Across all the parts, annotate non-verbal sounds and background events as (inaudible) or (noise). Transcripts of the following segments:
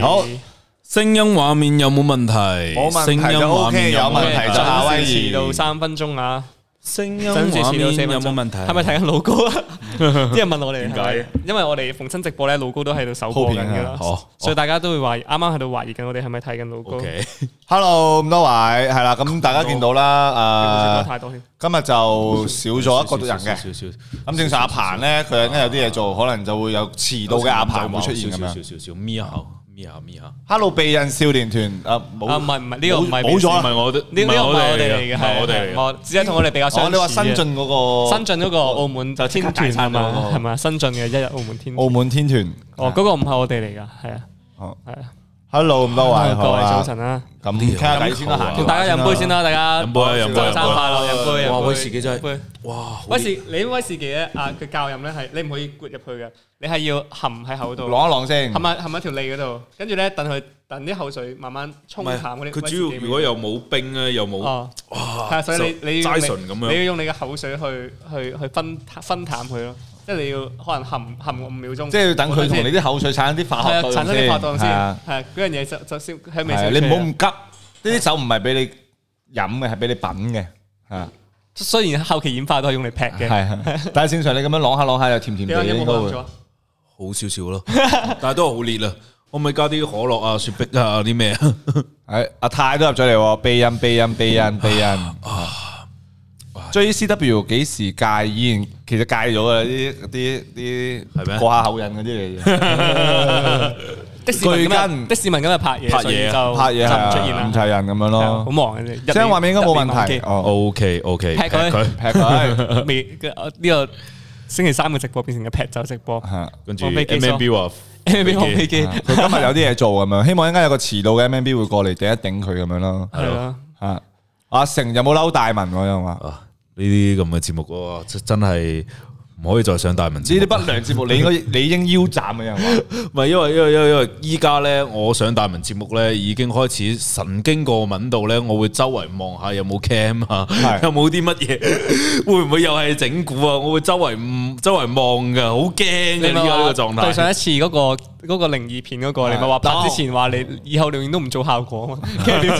好，聲音畫面有冇問題？聲音 OK，有問題就下威夷遲到三分鐘啊！聲音畫面有冇問題？係咪睇緊老高啊？啲人問我哋點解？因為我哋逢親直播咧，老高都喺度手片噶啦，所以大家都會懷疑，啱啱喺度懷疑緊我哋係咪睇緊老高？Hello，咁多位係啦，咁大家見到啦，誒，今日就少咗一個人嘅，咁正常。阿鵬咧，佢因為有啲嘢做，可能就會有遲到嘅阿鵬會出現咁樣。少少少少咪一口。Hello 秘孕少年團啊，冇啊，唔係唔係呢個唔係冇錯，唔係我呢呢個唔係我哋嚟嘅，係我哋，的的我只係同我哋比較相似我、哦、你話新進嗰、那個新進嗰個澳門就天團嘛，係咪啊？新進嘅一日澳門天團澳門天團，哦，嗰、那個唔係我哋嚟噶，係啊，哦，係啊。hello，咁多位，各位早晨啦，咁睇下偈先啦，同大家飲杯先啦，大家，飲杯，飲杯，生快樂，飲杯，飲杯，威士忌真係，哇，威士，你威士忌咧，啊，佢教人咧係，你唔可以啜入去嘅，你係要含喺口度，啷一啷先，含埋含埋條脷嗰度，跟住咧等佢，等啲口水慢慢沖淡嗰啲威士忌。佢主要，如果又冇冰咧，又冇，哇，係啊，所以你你要你你要用你嘅口水去去去分分淡佢咯。即係你要可能含含五秒鐘，即係等佢同你啲口水產生啲化學產生啲化學作用先，係嗰樣嘢就就消喺微小嘅。你唔好咁急，呢啲酒唔係俾你飲嘅，係俾你品嘅嚇。啊、雖然後期演化都係用嚟劈嘅，係、啊。但係正常你咁樣攞下攞下又甜甜哋嘅喎。好少少咯，但係都好烈啊！可唔可以加啲可樂啊、雪碧啊啲咩啊？阿太都入咗嚟喎，悲音悲音悲音悲音。悲音悲音 (laughs) 啊啊 J C W 幾時戒煙？其實戒咗啦，啲啲啲過下口癮嗰啲嚟嘅。最近啲市民咁樣拍嘢，拍嘢就拍嘢出現唔齊人咁樣咯，好忙嘅啫。聲音畫面應該冇問題。哦，OK OK，劈佢劈佢。呢個星期三嘅直播變成個劈酒直播。跟住 M N B M N B 放飛機，佢今日有啲嘢做咁樣，希望應該有個遲到嘅 M N B 會過嚟頂一頂佢咁樣咯。係咯，阿成有冇嬲大文嗰樣話？呢啲咁嘅節目真真係唔可以再上大文節。呢啲不良節目，你應該你應該腰斬嘅，係咪？唔係 (laughs) 因為因為因為依家咧，我上大文節目咧，已經開始神經過敏到咧是，我會周圍望下有冇 cam 啊，有冇啲乜嘢，會唔會又係整蠱啊？我會周圍唔周圍望噶，好驚嘅呢個狀態。對上一次嗰、那個嗰、那個靈異片嗰、那個，你咪話拍之前話你以後永遠都唔做效果啊？點走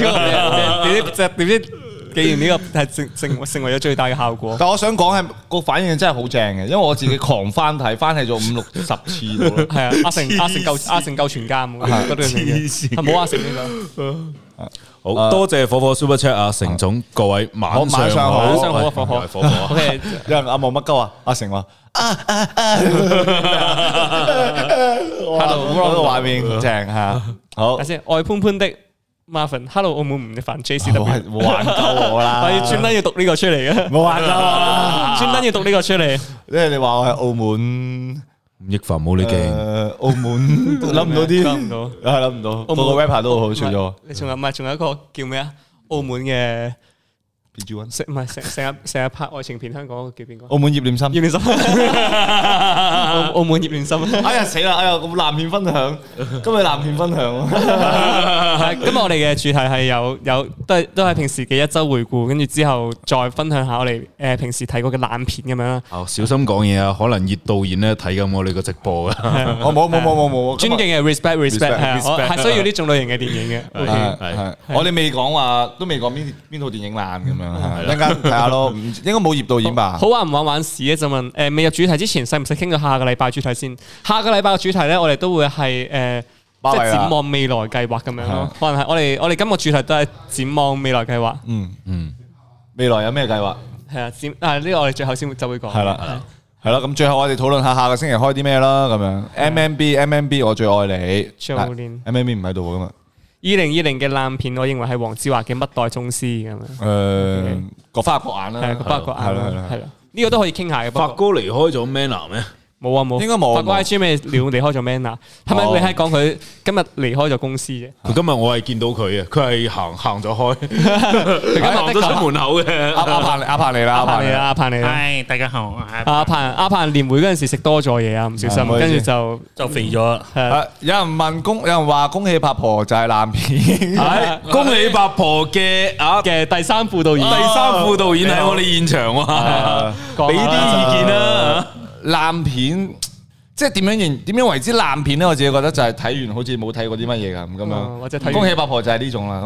(laughs) 知點 (laughs) 知？既然呢個係成成成為咗最大嘅效果，但我想講係個反應真係好正嘅，因為我自己狂翻睇，翻睇咗五六十次係啊，阿成阿成夠阿成夠全監，嗰對阿成呢個。好多謝火火 Super Chat 阿成總，各位晚上好，晚上好，火火火火。有阿毛乜鳩啊？阿成話啊啊啊。Hello，我喺個畫面好正，好。阿先愛潘潘的。Marvin，Hello，澳門吳亦凡，JCW 都玩夠我啦。我要專登要讀呢個出嚟嘅。冇玩夠啊！專登 (laughs) 要讀呢個出嚟。即係你話我係澳門吳亦凡冇你勁。澳門諗唔到啲。諗唔到。係諗唔到。澳門嘅 rapper 都好，好笑咗。了你仲有唔係？仲有一個叫咩啊？澳門嘅。成唔係成成日成日拍愛情片，香港叫邊個？澳門葉念心，葉念心，澳澳門葉念心。哎呀死啦！哎呀咁爛片分享，今日爛片分享。今日我哋嘅主題係有有都係都係平時嘅一週回顧，跟住之後再分享下我哋誒平時睇過嘅爛片咁樣啦。哦，小心講嘢啊，可能葉導演咧睇緊我哋個直播啊。我冇冇冇冇冇，尊敬嘅 respect respect 係需要呢種類型嘅電影嘅。係係，我哋未講話，都未講邊邊套電影爛咁樣。 (music) 嗯、一陣間睇下咯，應該冇葉導演吧？好啊，唔玩？玩事啊！就問，誒，未入主題之前，使唔使傾到下個禮拜主題先？下個禮拜嘅主題咧，我哋都會係誒，即、呃就係、展望未來計劃咁樣咯。可能係我哋我哋今個主題都係展望未來計劃。嗯嗯，未來有咩計劃？係 (music) 啊，展啊呢個我哋最後先會就會講。係啦，係啦。咁最後我哋討論下下個星期開啲咩啦？咁樣、嗯、M M B M M B，我最愛你，少年 M M B 唔喺度噶嘛？二零二零嘅爛片，我認為係黃子華嘅《乜代宗師》咁樣、嗯。誒、啊，各花各眼啦，各花各眼啦，係啦。呢、這個都可以傾下嘅。發哥離開咗 Man 男咩？冇啊冇，應該冇。發 IG 咩？了離開咗 Man 啊。係咪你係講佢今日離開咗公司啫？今日我係見到佢啊，佢係行行咗開，今日望到出門口嘅。阿阿盼阿盼嚟啦，阿盼嚟啦，阿盼嚟啦。大家好，阿盼。阿盼。年會嗰陣時食多咗嘢啊，唔小心，跟住就就肥咗。有人問恭，有人話恭喜八婆就係爛片。恭喜八婆嘅啊嘅第三副導演，第三副導演喺我哋現場啊，俾啲意見啦。爛片即係點樣點樣為之爛片咧？我自己覺得就係睇完好似冇睇過啲乜嘢噶咁咁樣。哦、恭喜八婆就係呢種啦。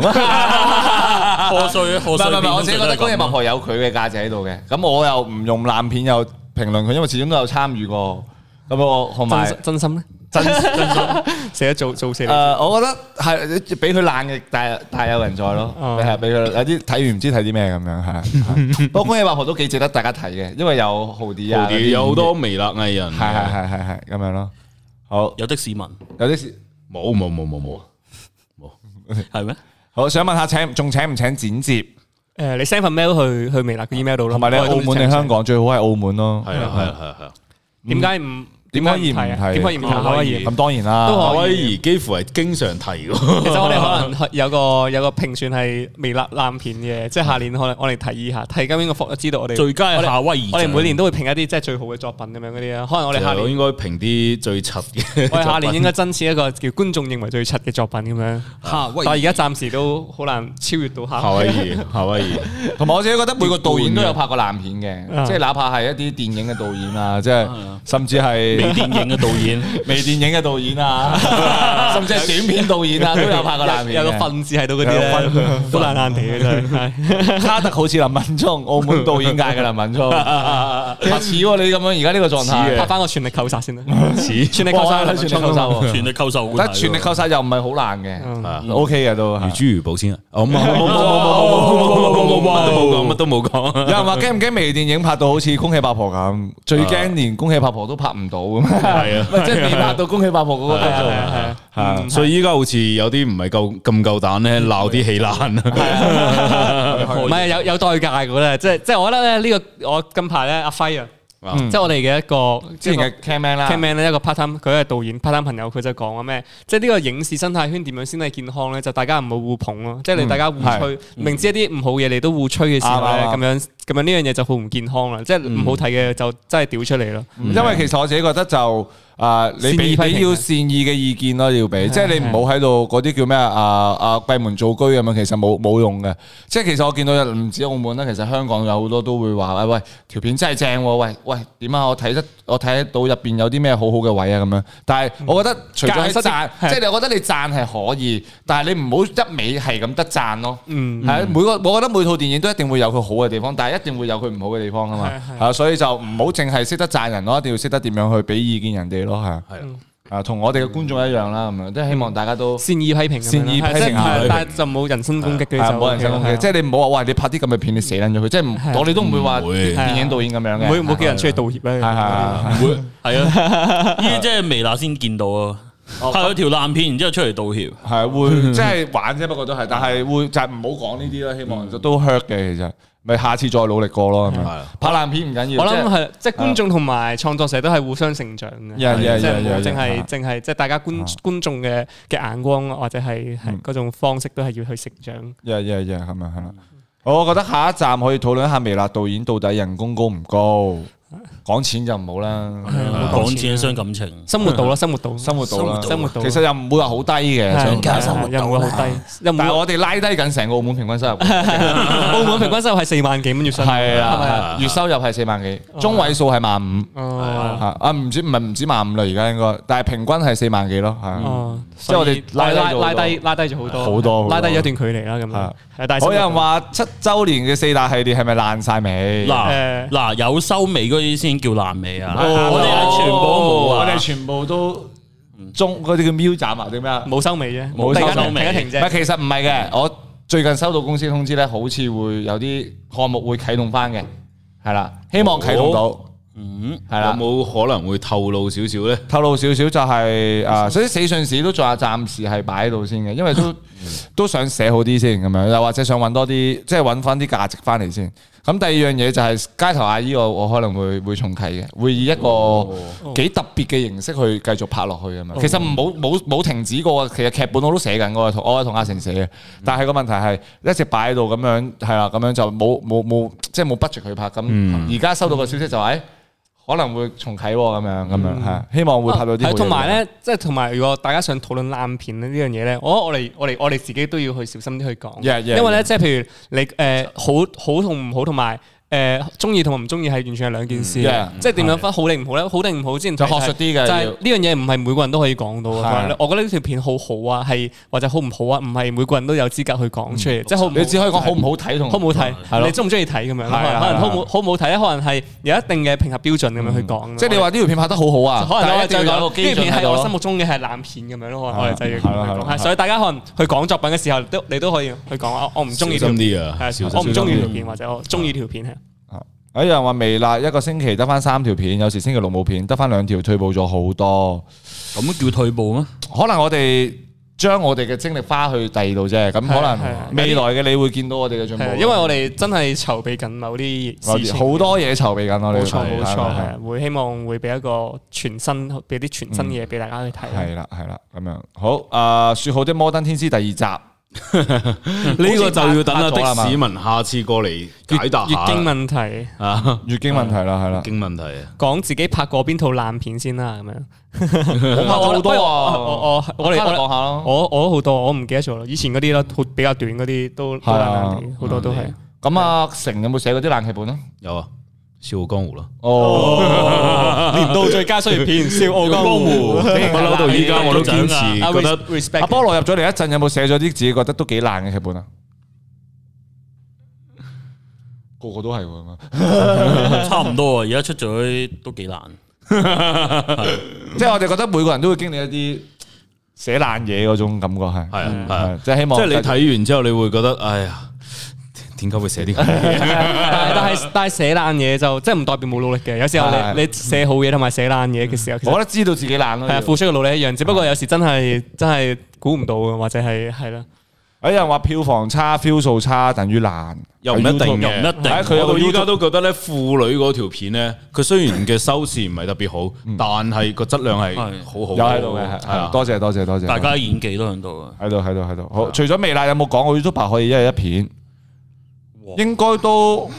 賀歲賀歲片。唔係，我自己覺得恭喜八婆有佢嘅價值喺度嘅。咁、嗯、我又唔用爛片又評論佢，因為始終都有參與過。咁我同埋真,有真心咧。真真寫做做寫，誒，我覺得係俾佢爛嘅，大有人在咯。係俾佢有啲睇完唔知睇啲咩咁樣嚇。不過《公仔畫婆》都幾值得大家睇嘅，因為有好啲啊，有好多微辣藝人，係係係係係咁樣咯。好有啲市民，有啲市民冇冇冇冇冇冇，係咩？好想問下請，仲請唔請剪接？誒，你 send 份 mail 去去微辣嘅 email 度咯，同埋你澳門定香港，最好喺澳門咯。係啊係啊係啊係啊，點解唔？點可以唔提？點解唔提夏威夷？咁當然啦，夏威夷幾乎係經常提。其實我哋可能有個有個評選係未爛爛片嘅，即係下年可能我哋提議下，提今年嘅獲知道我哋最佳夏威夷。我哋每年都會評一啲即係最好嘅作品咁樣嗰啲啊。可能我哋下年應該評啲最柒嘅。我哋，下年應該爭取一個叫觀眾認為最柒嘅作品咁樣。夏威夷！我而家暫時都好難超越到夏威夷，夏威夷。同埋，我自己覺得每個導演都有拍過爛片嘅，即係哪怕係一啲電影嘅導演啊，即係甚至係。微電影嘅導演，微電影嘅導演啊，甚至係短片導演啊，都有拍過爛片，有個分子喺度嗰啲咧，都爛爛哋嘅真係。卡特好似林文聰，澳門導演界嘅林文聰似你咁樣而家呢個狀態，拍翻個全力扣殺先啦，似全力扣殺，全力扣殺，全力扣殺。但係全力扣殺又唔係好難嘅，OK 嘅都。如珠如寶先啦，冇冇冇冇冇冇冇冇冇冇冇冇冇冇冇冇冇冇冇冇冇冇冇冇冇冇冇冇冇冇冇冇冇冇冇冇冇冇係 (laughs) 啊， (laughs) 是即係未拍到恭喜八婆嗰個步驟，係，所以依家好似有啲唔係夠咁夠膽咧，鬧啲戲爛啊，唔係有有代價噶咧，即係即係我覺得咧、這、呢個我近排咧阿輝啊。嗯、即係我哋嘅一個即係 cameraman 啦，cameraman 咧一個 part time，佢係導演 part time 朋友，佢就講啊咩，即係呢個影視生態圈點樣先係健康咧？就大家唔好互捧咯，啊，嗯、即係你大家互吹，嗯、明知一啲唔好嘢，你都互吹嘅時候咧，咁，嗯、樣咁，嗯、樣呢樣嘢就好唔健康啦。嗯、即係唔好睇嘅就真係屌出嚟咯。嗯嗯、因為其實我自己覺得就。啊！你俾俾要善意嘅意見咯，要俾，即係你唔好喺度嗰啲叫咩啊啊閉門造車咁樣，其實冇冇用嘅。即係其實我見到唔止澳門啦，其實香港有好多都會話啊喂，條片真係正喎，喂喂點啊？我睇得我睇得到入邊有啲咩好好嘅位啊咁樣。但係我覺得除咗識讚，即係你覺得你讚係可以，但係你唔好一味係咁得讚咯。嗯，係每個我覺得每套電影都一定會有佢好嘅地方，但係一定會有佢唔好嘅地方啊嘛。係啊，所以就唔好淨係識得讚人咯，一定要識得點樣去俾意見人哋。咯係啊，係啊，啊同我哋嘅觀眾一樣啦，咁樣即係希望大家都善意批評，善意批評但係就冇人身攻擊嘅，冇人身攻擊，即係你唔好話，喂，你拍啲咁嘅片，你死撚咗佢，即係我哋都唔會話電影導演咁樣嘅，唔會唔會叫人出去道歉啊，唔會，係啊，呢啲即係微辣先見到啊。拍咗條爛片，然之後出嚟道歉，係會即係玩啫，不過都係，但係會就係唔好講呢啲啦。希望都 hurt 嘅，其實咪下次再努力過咯。係拍爛片唔緊要，我諗係即係觀眾同埋創作社都係互相成長嘅。yeah 淨係淨係即係大家觀觀眾嘅嘅眼光或者係係嗰種方式都係要去成長。係咪係？我覺得下一站可以討論一下微辣導演到底人工高唔高？講錢就唔好啦，講錢傷感情。生活度啦，生活度，生活度生活度。其實又唔會話好低嘅，生活又唔會好低。但係我哋拉低緊成個澳門平均收入，澳門平均收入係四萬幾蚊月收。係啊，月收入係四萬幾，中位數係萬五。啊，唔止唔係唔止萬五啦，而家應該，但係平均係四萬幾咯。即係我哋拉拉拉低拉低咗好多，好多。拉低咗一段距離啦。咁，有人話七周年嘅四大系列係咪爛晒尾？嗱，嗱，有收尾啲先叫爛尾啊！我哋全部，我哋全部都中嗰啲叫瞄站啊，定咩啊？冇收尾啫，冇收尾啫。其實唔係嘅，我最近收到公司通知咧，好似會有啲項目會啟動翻嘅，係啦，希望啟動到。嗯，係啦。有冇可能會透露少少咧？透露少少就係啊，所以死訊史都仲有暫時係擺喺度先嘅，因為都都想寫好啲先咁樣，又或者想揾多啲，即係揾翻啲價值翻嚟先。咁第二樣嘢就係街頭阿姨，我我可能會會重啟嘅，會以一個幾特別嘅形式去繼續拍落去咁樣。哦、其實冇冇冇停止過，其實劇本我都寫緊嘅，同我同阿成寫嘅。嗯、但係個問題係一直擺喺度咁樣，係啦，咁樣就冇冇冇即係冇 budget 去拍咁。而家、嗯、收到個消息就係、是。嗯嗯可能會重啟喎，咁樣咁樣吓，嗯，希望會拍到啲好嘢。同埋咧，即係同埋，如果大家想討論爛片呢呢樣嘢咧，我覺得我哋我哋我哋自己都要去小心啲去講，yeah, yeah, yeah. 因為咧，即係譬如你誒好好同唔好，同埋。誒中意同埋唔中意係完全係兩件事，即係點樣分好定唔好咧？好定唔好？之前就學術啲嘅，就係呢樣嘢唔係每個人都可以講到嘅。我覺得呢條片好好啊，係或者好唔好啊？唔係每個人都有資格去講出嚟，即係好唔你只可以講好唔好睇同好唔好睇，你中唔中意睇咁樣？可能好唔好睇可能係有一定嘅評核標準咁樣去講。即係你話呢條片拍得好好啊，可能我再攞個基準喺度咯。呢片喺我心目中嘅係爛片咁樣咯，我係就要咁樣講。所以大家可能去講作品嘅時候，你都可以去講我唔中意條片，我唔中意條片或者我中意條片。有人話微辣，一個星期得翻三條片，有時星期六冇片，得翻兩條，退步咗好多。咁叫退步咩？可能我哋將我哋嘅精力花去第二度啫。咁可能未來嘅你會見到我哋嘅進步，因為我哋真係籌備緊某啲好多嘢籌備緊啊。冇錯冇錯，會希望會俾一個全新，俾啲全新嘢俾大家去睇。係啦係啦，咁樣好。啊，說好啲《摩登天師》第二集。呢 (laughs) 個就要等阿的士民下次過嚟，解答月經問題啊，月經問題啦。係啦，月經問題，講自己拍過邊套爛片先啦咁樣。 (laughs) 拍咗好多啊，我多啊，我啊，我嚟講下咯。我、啊、我好多我唔記得咗以前嗰啲咯，比較短嗰啲都係啊，好多都係咁、嗯、是阿成有冇寫過啲爛劇本咧？有啊。笑傲江湖咯，年度最佳爛片《笑傲江湖》，不嬲到依家我都堅持，阿波羅入咗嚟一陣，有冇寫咗啲自己覺得都幾爛嘅劇本啊？個個都係，差唔多。啊，而家出咗都幾難，即係我哋覺得每個人都會經歷一啲寫爛嘢嗰種感覺，係係啊，即係希望。即係你睇完之後，你會覺得哎呀。應該會寫啲， (laughs) 但係但係寫爛嘢就即係唔代表冇努力嘅。有時候你你寫好嘢同埋寫爛嘢嘅時候，我覺得知道自己爛咯。係、啊、付出嘅努力一樣，只不過有時真係是、啊、真係估唔到嘅，或者係係啦。有、啊、人話票房差、票數差等於爛，又唔一定嘅。唔一定。我到依家都覺得咧，婦女嗰條片咧，佢雖然嘅收視唔係特別好，但係個質量係好好。是啊、有喺度嘅，係，多謝多謝多謝。謝謝大家演技都響度喺度喺度喺度。好，除咗未啦，有冇講？我 YouTube 可以一日一片。應該都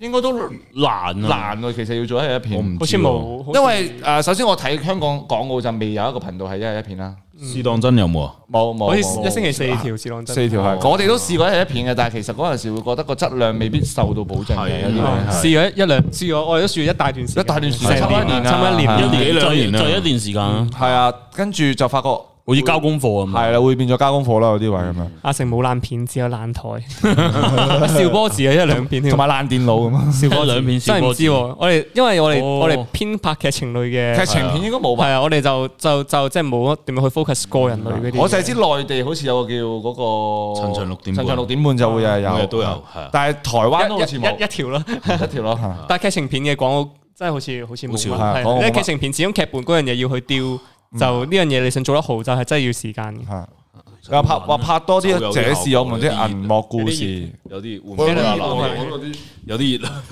應該都難難啊！其實要做一日一片，好似冇。因為誒，首先我睇香港港澳就未有一個頻道係一日一片啦。試當真有冇啊？冇冇，好似一星期四條試當真，四條係。我哋都試過一日一片嘅，但係其實嗰陣時會覺得個質量未必受到保證嘅。試咗一一兩，試過我哋都試咗一大段時間，一大段時間，一年，差一年，一年一段時間。係啊，跟住就發覺。我要交功課係啦，會變咗交功課啦，有啲位咁樣。阿成冇爛片，只有爛台。笑波子啊，一兩片同埋爛電腦咁啊。笑波兩片，真係唔知。我哋因為我哋我哋偏拍劇情類嘅。劇情片應該冇吧？係啊，我哋就就就即係冇點樣去 focus 個人類嗰啲。我淨係知內地好似有個叫嗰個。晨晨六點。晨晨六點半就會有有都有。但係台灣好似冇。一一條啦，一條咯。但係劇情片嘅廣告真係好似好似冇。因為劇情片始終劇本嗰樣嘢要去調。就呢樣嘢，你想做得好，就係真係要時間嘅。又拍或拍多啲，這是我們啲銀幕故事。有啲，有啲熱啊！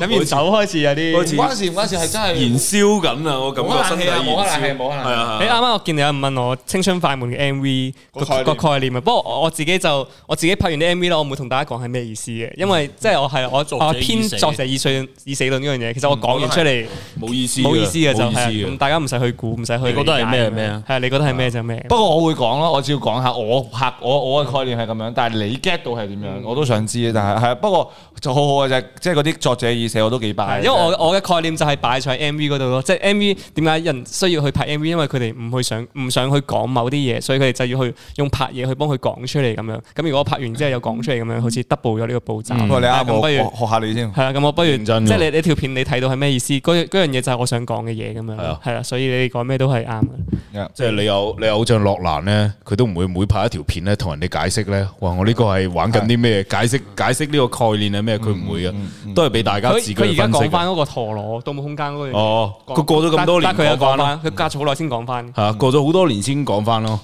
飲完酒開始有啲，關事唔關事，係真係燃燒緊啊！我感覺身體燃燒。冇冷氣，冇冷氣，冇冷氣。係啊！誒，啱啱我見你有人問我《青春快門》嘅 MV 個個概念啊。不過我我自己就我自己拍完啲 MV 咯，我唔會同大家講係咩意思嘅，因為即係我係我編作成以衰以死論嗰樣嘢。其實我講完出嚟冇意思，冇意思嘅就係大家唔使去估，唔使去。你覺得係咩係咩啊？係你覺得係咩就咩。不過我會講咯，我只要講。啊、我拍我我嘅概念係咁樣，但係你 get 到係點樣？我都想知，但係係啊，不過就好好嘅就係即係嗰啲作者意寫我都幾擺，因為我我嘅概念就係擺喺 MV 嗰度咯。即係 MV 點解人需要去拍 MV？因為佢哋唔去想唔想去講某啲嘢，所以佢哋就要去用拍嘢去幫佢講出嚟咁樣。咁如果拍完之後又講出嚟咁樣，好似 double 咗呢個步驟。不過、嗯嗯哎、你啱，我不如學下你先，係啊，咁我不如即係你你條片你睇到係咩意思？嗰樣嘢就係我想講嘅嘢咁樣，係啊，所以你講咩都係啱嘅。嗯、yeah, 即係你有你偶像洛蘭咧，佢都唔會。會拍一條片咧，同人哋解釋咧，哇！我呢個係玩緊啲咩？解釋解釋呢個概念係咩？佢唔會嘅，都係俾大家自己去分析。佢而家講翻嗰個陀螺，盜夢空間嗰樣嘢。哦，佢過咗咁多年，佢有講啦。佢隔咗好耐先講翻。係、嗯、過咗好多年先講翻咯。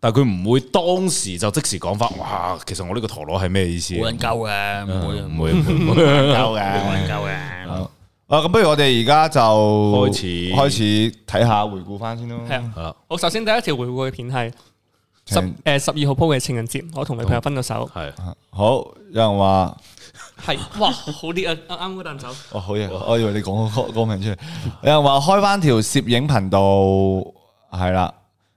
但係佢唔會當時就即時講翻。哇，其實我呢個陀螺係咩意思？冇人教嘅，唔會唔、嗯、會冇 (laughs) 人教嘅，冇人教嘅。 (laughs) 啊，咁 (laughs) 不如我哋而家就開始開始睇下回顧翻先咯。係啊，好，首先第一條回顧嘅片係。十誒、呃、十二號鋪嘅情人節，我同女朋友分咗手。係是好，有人話係哇，好叻 (laughs) 啊！啱嗰檔手。哦，好嘢，我以為你講講個歌名出嚟。有人話開翻條攝影頻道，係啦，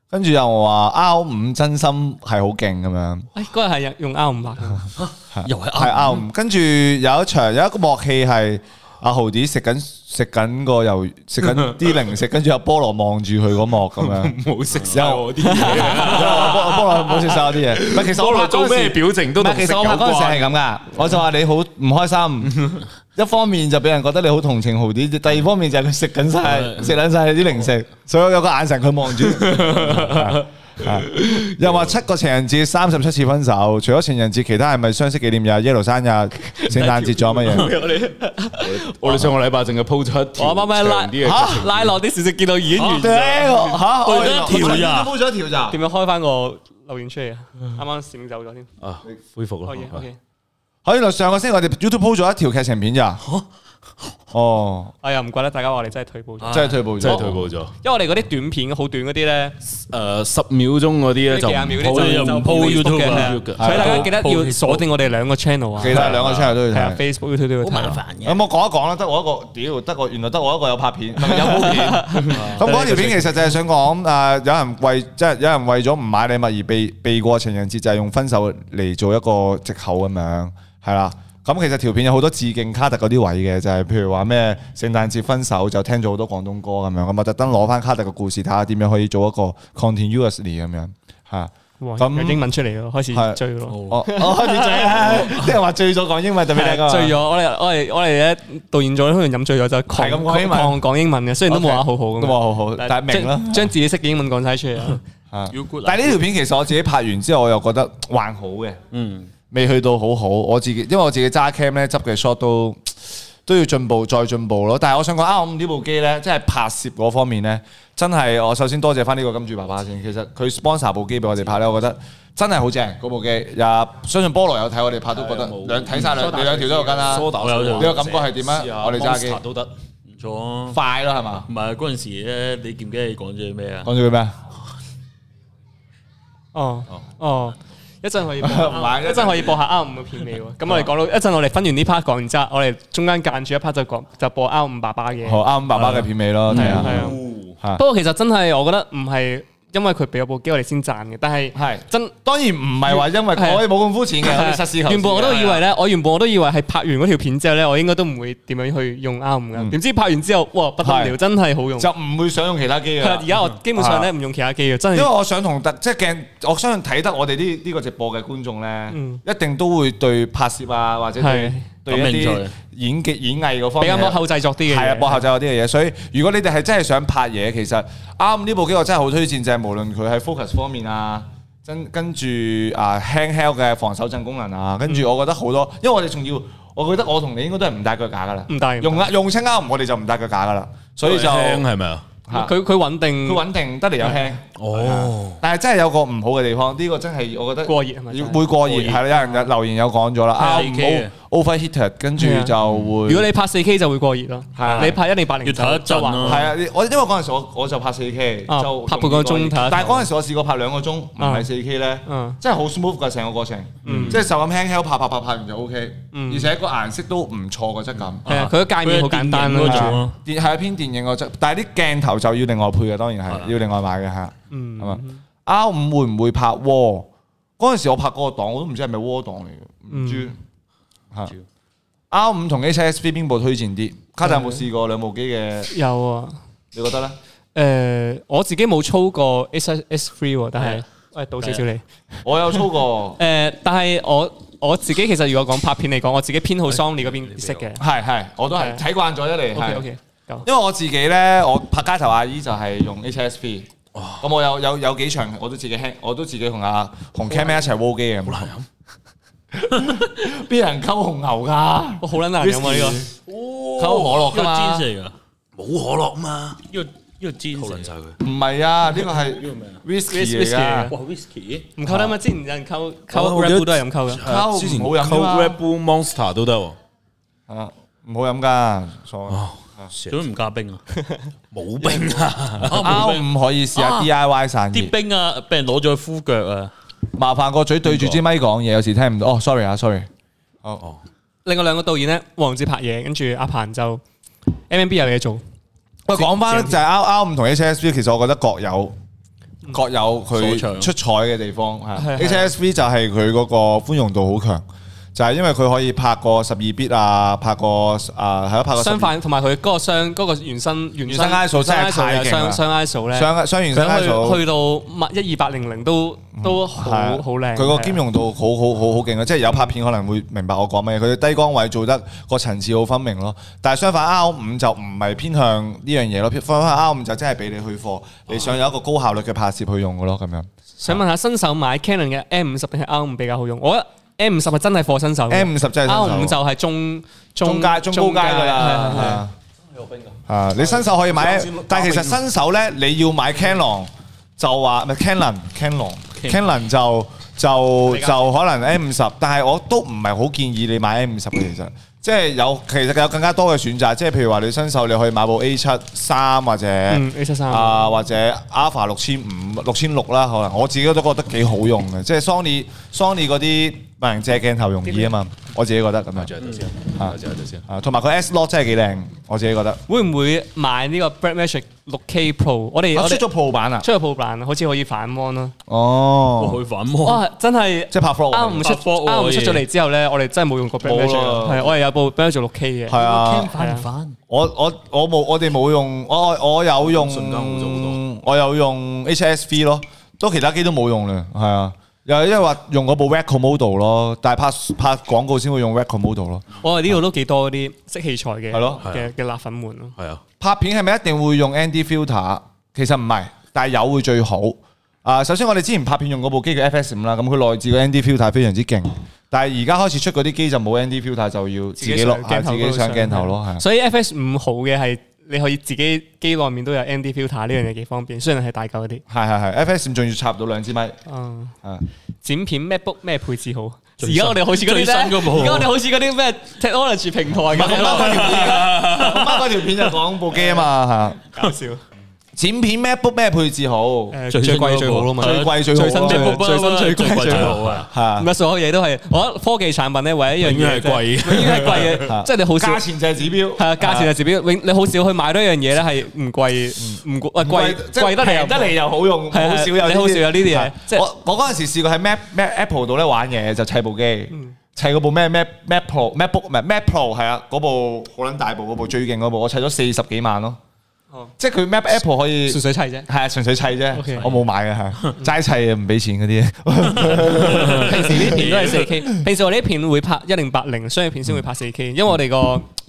跟住又話 R 五真心係好勁咁樣。誒、哎，嗰日係用用 R 五拍嘅、 (laughs) 啊，又係係 R 五，跟住有一場有一個樂器係。阿、啊、豪子食緊食緊個又食緊啲零食，跟住阿菠蘿望住佢嗰幕咁 (laughs) 樣，唔好食晒我啲嘢，菠蘿唔好食晒我啲嘢。 (laughs) 其實菠蘿做咩表情都得。其實我嗰陣成係咁噶， (laughs) 我就話你好唔開心。一方面就俾人覺得你好同情豪子， (laughs) 第二方面就係佢食緊晒食緊晒你啲 (laughs) 零食，所以有個眼神佢望住。 (laughs) (laughs) 又話七個情人節三十七次分手，除咗情人節，其他係咪相識紀念日、耶路生日、聖誕節仲有乜嘢？我哋上個禮拜淨係鋪咗一條，啱啱拉拉落啲時，見到已經完咗。吓，咋？而家一條咋？點樣開翻個留言出嚟啊？啱啱醒走咗添啊！恢復啦。可以，可以。可以。上個星期我哋 YouTube 鋪咗一條劇情片咋？哦，哎呀，唔怪得大家話你真係退步咗，真係退步咗，真係退步咗。因為我哋嗰啲短片，好短嗰啲咧，誒，十秒鐘嗰啲咧就，就唔鋪 YouTube 嘅，所以大家記得要鎖定我哋兩個 channel 啊，其他兩個 channel 都要睇，Facebook、YouTube 都要睇。好麻煩嘅。咁我講一講啦，得我一個，屌，得我原來得我一個有拍片，有拍片。咁嗰條片其實就係想講，誒，有人為，即係有人為咗唔買禮物而避避過情人節，就係用分手嚟做一個借口咁樣，係啦。咁其實條片有好多致敬卡特嗰啲位嘅，就係、是、譬如話咩聖誕節分手就聽咗好多廣東歌咁樣，咁啊特登攞翻卡特嘅故事睇下點樣可以做一個 continuously 咁樣嚇。哇！咁英文出嚟咯，開始醉咯，我、 (laughs) 哦、開始、 (laughs) 啊就是、醉，即係話醉咗講英文特別大一醉咗，我係我係我係咧導演咗，可能飲醉咗就狂狂講英文嘅，雖然都冇話好好咁，都話好好，但係明啦，將自己識嘅英文講晒出嚟 (laughs) 但係呢條片其實我自己拍完之後，我又覺得還好嘅，嗯。未去到好好，我自己，因為我自己揸 cam 咧，執嘅 shot 都都要進步，再進步咯。但係我想講啊，我呢部機咧，即係拍攝嗰方面咧，真係我首先多謝翻呢個金主爸爸先。其實佢 sponsor 部機俾我哋拍咧，我覺得真係好正嗰部機。啊，相信菠羅有睇我哋拍都覺得兩睇晒兩，兩條、哎、完都有跟啦。我有個，個感覺係點啊？我哋揸機拍都得，唔錯，快咯係嘛？唔係嗰陣時咧，你記唔記得你講咗咩啊？講咗咩？哦哦。一陣可以，一陣可以播下 R 五嘅片尾喎。咁 (laughs) 我哋講到一陣，我哋分完呢 part 講完之後，我哋中間間住一 part 就講，就播 R 五爸爸嘅，R 五爸爸嘅片尾囉。係啊，不過其實真係，我覺得唔係。因為佢俾咗部機我哋先賺嘅，但係係真當然唔係話因為，佢可以冇咁膚淺嘅，實原本我都以為咧，我原本我都以為係拍完嗰條片之後咧，我應該都唔會點樣去用啱唔啱，點知拍完之後，哇不得了，真係好用，就唔會想用其他機啊。而家我基本上咧唔用其他機啊，真係。因為我想同即係鏡，我相信睇得我哋呢呢個直播嘅觀眾咧，一定都會對拍攝啊或者對。對一啲演技演藝嗰方面，比較後製作啲嘢，係啊，後製作啲嘅嘢。所以如果你哋係真係想拍嘢，其實啱呢部機，我真係好推薦。就係無論佢喺 focus 方面啊，跟跟住啊輕輕嘅防手震功能啊，跟住我覺得好多，因為我哋仲要，我覺得我同你應該都係唔帶腳架噶啦，唔帶用啊用青膠，我哋就唔帶腳架噶啦。所以就輕係咪啊？佢佢穩定，佢穩定得嚟又輕哦。但係真係有個唔好嘅地方，呢個真係我覺得過熱，會過熱係啦。有人留言有講咗啦，Overheated，跟住就會。如果你拍四 K 就會過熱咯。係，你拍一零八零就一震咯。係啊，我因為嗰陣時我我就拍四 K，就拍半個鐘。但係嗰陣時我試過拍兩個鐘唔係四 K 咧，真係好 smooth 嘅成個過程，即係就咁輕輕拍拍拍拍完就 OK。而且個顏色都唔錯嘅質感。係啊，佢個界面好簡單咯。電係一篇電影嘅質，但係啲鏡頭就要另外配嘅，當然係要另外買嘅嚇。係嘛？R 五會唔會拍 RAW？嗰陣時我拍嗰個檔我都唔知係咪 RAW 檔嚟嘅，唔知。吓 R 五同 H S V 邊部推薦啲？卡特有冇試過兩部機嘅？有啊，你覺得咧？誒、呃，我自己冇操過 H S V，但係的喂，倒少少你，我有操過誒、呃，但係我我自己其實如果講拍片嚟講，我自己偏好 Sony 嗰邊識嘅，係係，我都係睇慣咗一嚟，OK OK。因為我自己咧，我拍街頭阿姨就係用 H S V，咁我有有有幾場我都自己 h 我都自己 ose, R 同阿同 Kammy 一齊煲機嘅。邊人溝紅牛噶？好捻難飲啊呢個，溝可樂啊，冇可樂嘛？呢個好撚難飲啊？唔係啊，呢個係 whisky 嚟㗎？哇 whisky？唔溝得嘛？之前有人溝溝 w 都係咁溝嘅，之前好飲啊嘛。溝 w h e r Monster 都得，啊唔好飲噶，所以唔加冰啊，冇冰啊，唔可以試下 DIY 散啲冰啊，俾人攞咗去敷腳啊。麻煩個嘴對住支咪講嘢，有時聽唔到。哦，oh，sorry 啊，sorry。哦哦，另外兩個導演咧，王子拍嘢，跟住阿彭就 M M B 有嘢做。喂回，講翻就係 out out 唔同 H S V，其實我覺得各有各有佢出彩嘅地方。係長 H S V 就係佢嗰個寬容度好強。就係因為佢可以拍個十二 bit 啊，拍個啊，係咯拍個。相反，同埋佢嗰個雙原生原生 ISO 真係太勁啦！雙雙 ISO 咧，雙雙原生 ISO，去到一二八零零都、嗯、都好好靚。佢個兼容度好好好好勁啊！即係、就是、有拍片可能會明白我講咩，佢低光位做得個層次好分明咯。但係相反，R 五就唔係偏向呢樣嘢咯。偏向 R 五就真係俾你去貨，你想有一個高效率嘅拍攝去用嘅咯，咁樣。啊啊、想問下新手買 Canon 嘅 M 五十定係 R 五比較好用？我。M 五十係真係貨新手，M 五十即係 R 五就係中中，中階，中高階啦、啊。真係有兵啊，你新手可以買，但係其實新手咧，你要買 Canon, 就 Canon, Canon, Canon 就話咪 Canon，Canon，Canon 就就就可能 M 五十，但係我都唔係好建議你買 M 五十嘅，其實即係有其實有更加多嘅選擇，即係譬如話你新手你可以買部 A 七三或者、嗯、A 七三啊或者 Alpha 六千五、六千六啦，可能我自己都覺得幾好用嘅，即係 Sony Sony 嗰啲。白人借鏡頭容易啊嘛，我自己覺得咁啊，着有多少啊，啊，同埋佢 S-Log 真係幾靚，我自己覺得。會唔會買呢個 Blackmagic 六 K Pro？我哋出咗 Pro 版啊，出咗 Pro 版啊，好似可以反 Mon 咯。哦，會反 Mon。哇，真係。即係拍 photo。啱唔出貨，啱唔出咗嚟之後咧，我哋真係冇用過 Blackmagic 咯。係，我哋有部 Blackmagic 六 K 嘅。係啊。反反？我我我冇，我哋冇用，我我有用，我有用 HSV 咯，都其他機都冇用啦，係啊。又因為話用嗰部 recall model 咯，但係拍拍廣告先會用 recall model 咯。哦。我哋呢度都幾多啲識器材嘅，係咯嘅嘅辣粉們咯。係啊，拍片係咪一定會用 ND filter？其實唔係，但係有會最好。啊，首先我哋之前拍片用嗰部機叫 FS 五啦，咁佢內置個 ND filter 非常之勁。但係而家開始出嗰啲機就冇 ND filter，就要自己落，自己上鏡頭咯。係。所以 FS 五好嘅係。你可以自己機內面都有 ND filter 呢樣嘢幾方便，雖然係大嚿啲。係係係 FS 你仲要插到兩支麥。嗯。啊。剪片 MacBook 咩配置好？而家新我哋好似嗰啲新個冇。而家我哋好似嗰啲咩 Technology 平台嘅。我媽嗰條片就 (laughs) 講部機啊嘛嚇。搞笑。剪片 MacBook 咩配置好？最貴最好咯嘛，最貴最好，最新最新最高最好啊！係咪所有嘢都係？我覺得科技產品咧，唯一一樣嘢係貴，永遠係貴嘅。即係你好少，價錢就指標。係啊，價錢就指標，你好少去買到一樣嘢咧係唔貴，唔唔貴，貴貴得平得嚟又好用，好少有，好少有呢啲嘢。我我嗰陣時試過喺 Mac Apple 度咧玩嘢，就砌部機，砌嗰部咩咩 MacBook MacBook 唔係 Mac Pro 係啊，嗰部好撚大部嗰部最勁嗰部，我砌咗四十幾萬咯。即係佢 map apple 可以，純粹砌啫，係啊，純粹砌啫，Okay. 我冇買嘅吓，齋砌啊，唔俾錢嗰啲。平時呢片都係四 k 平時我呢片會拍一零八零，商業片先會拍四 k 因為我哋個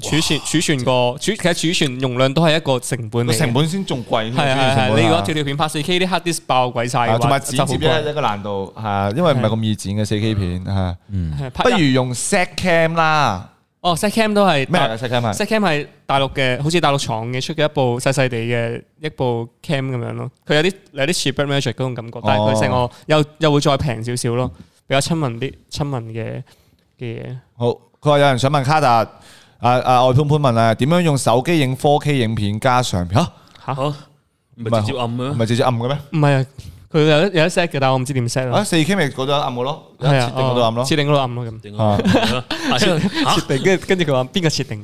儲存儲存個儲，其實儲存容量都係一個成本成本先仲貴。係啊係，你如果條條片拍四 k 啲 hard disk 爆鬼晒，同埋剪接一個難度，係因為唔係咁易剪嘅四 k 片，係是不如用 set cam 啦。哦，set cam 都係咩啊？set cam 啊，set cam 係大陸嘅，好似大陸廠嘅出嘅一部細細地嘅一部 cam 咁樣咯。佢有啲有啲似 Blackmagic 嗰種感覺，但係佢成個又又會再平少少咯，比較親民啲，親民嘅嘅嘢。好，佢話有人想問卡達，啊啊外判潘問啊，點樣用手機影 4K 影片加上片？吓吓，唔係直接暗嘅咩？唔係。佢有有一 set 嘅，但係我唔知點 set 咯。四 K 咪嗰度暗冇咯，設定嗰度暗咯，設定嗰度暗咯咁。設定跟住跟住佢話邊個設定？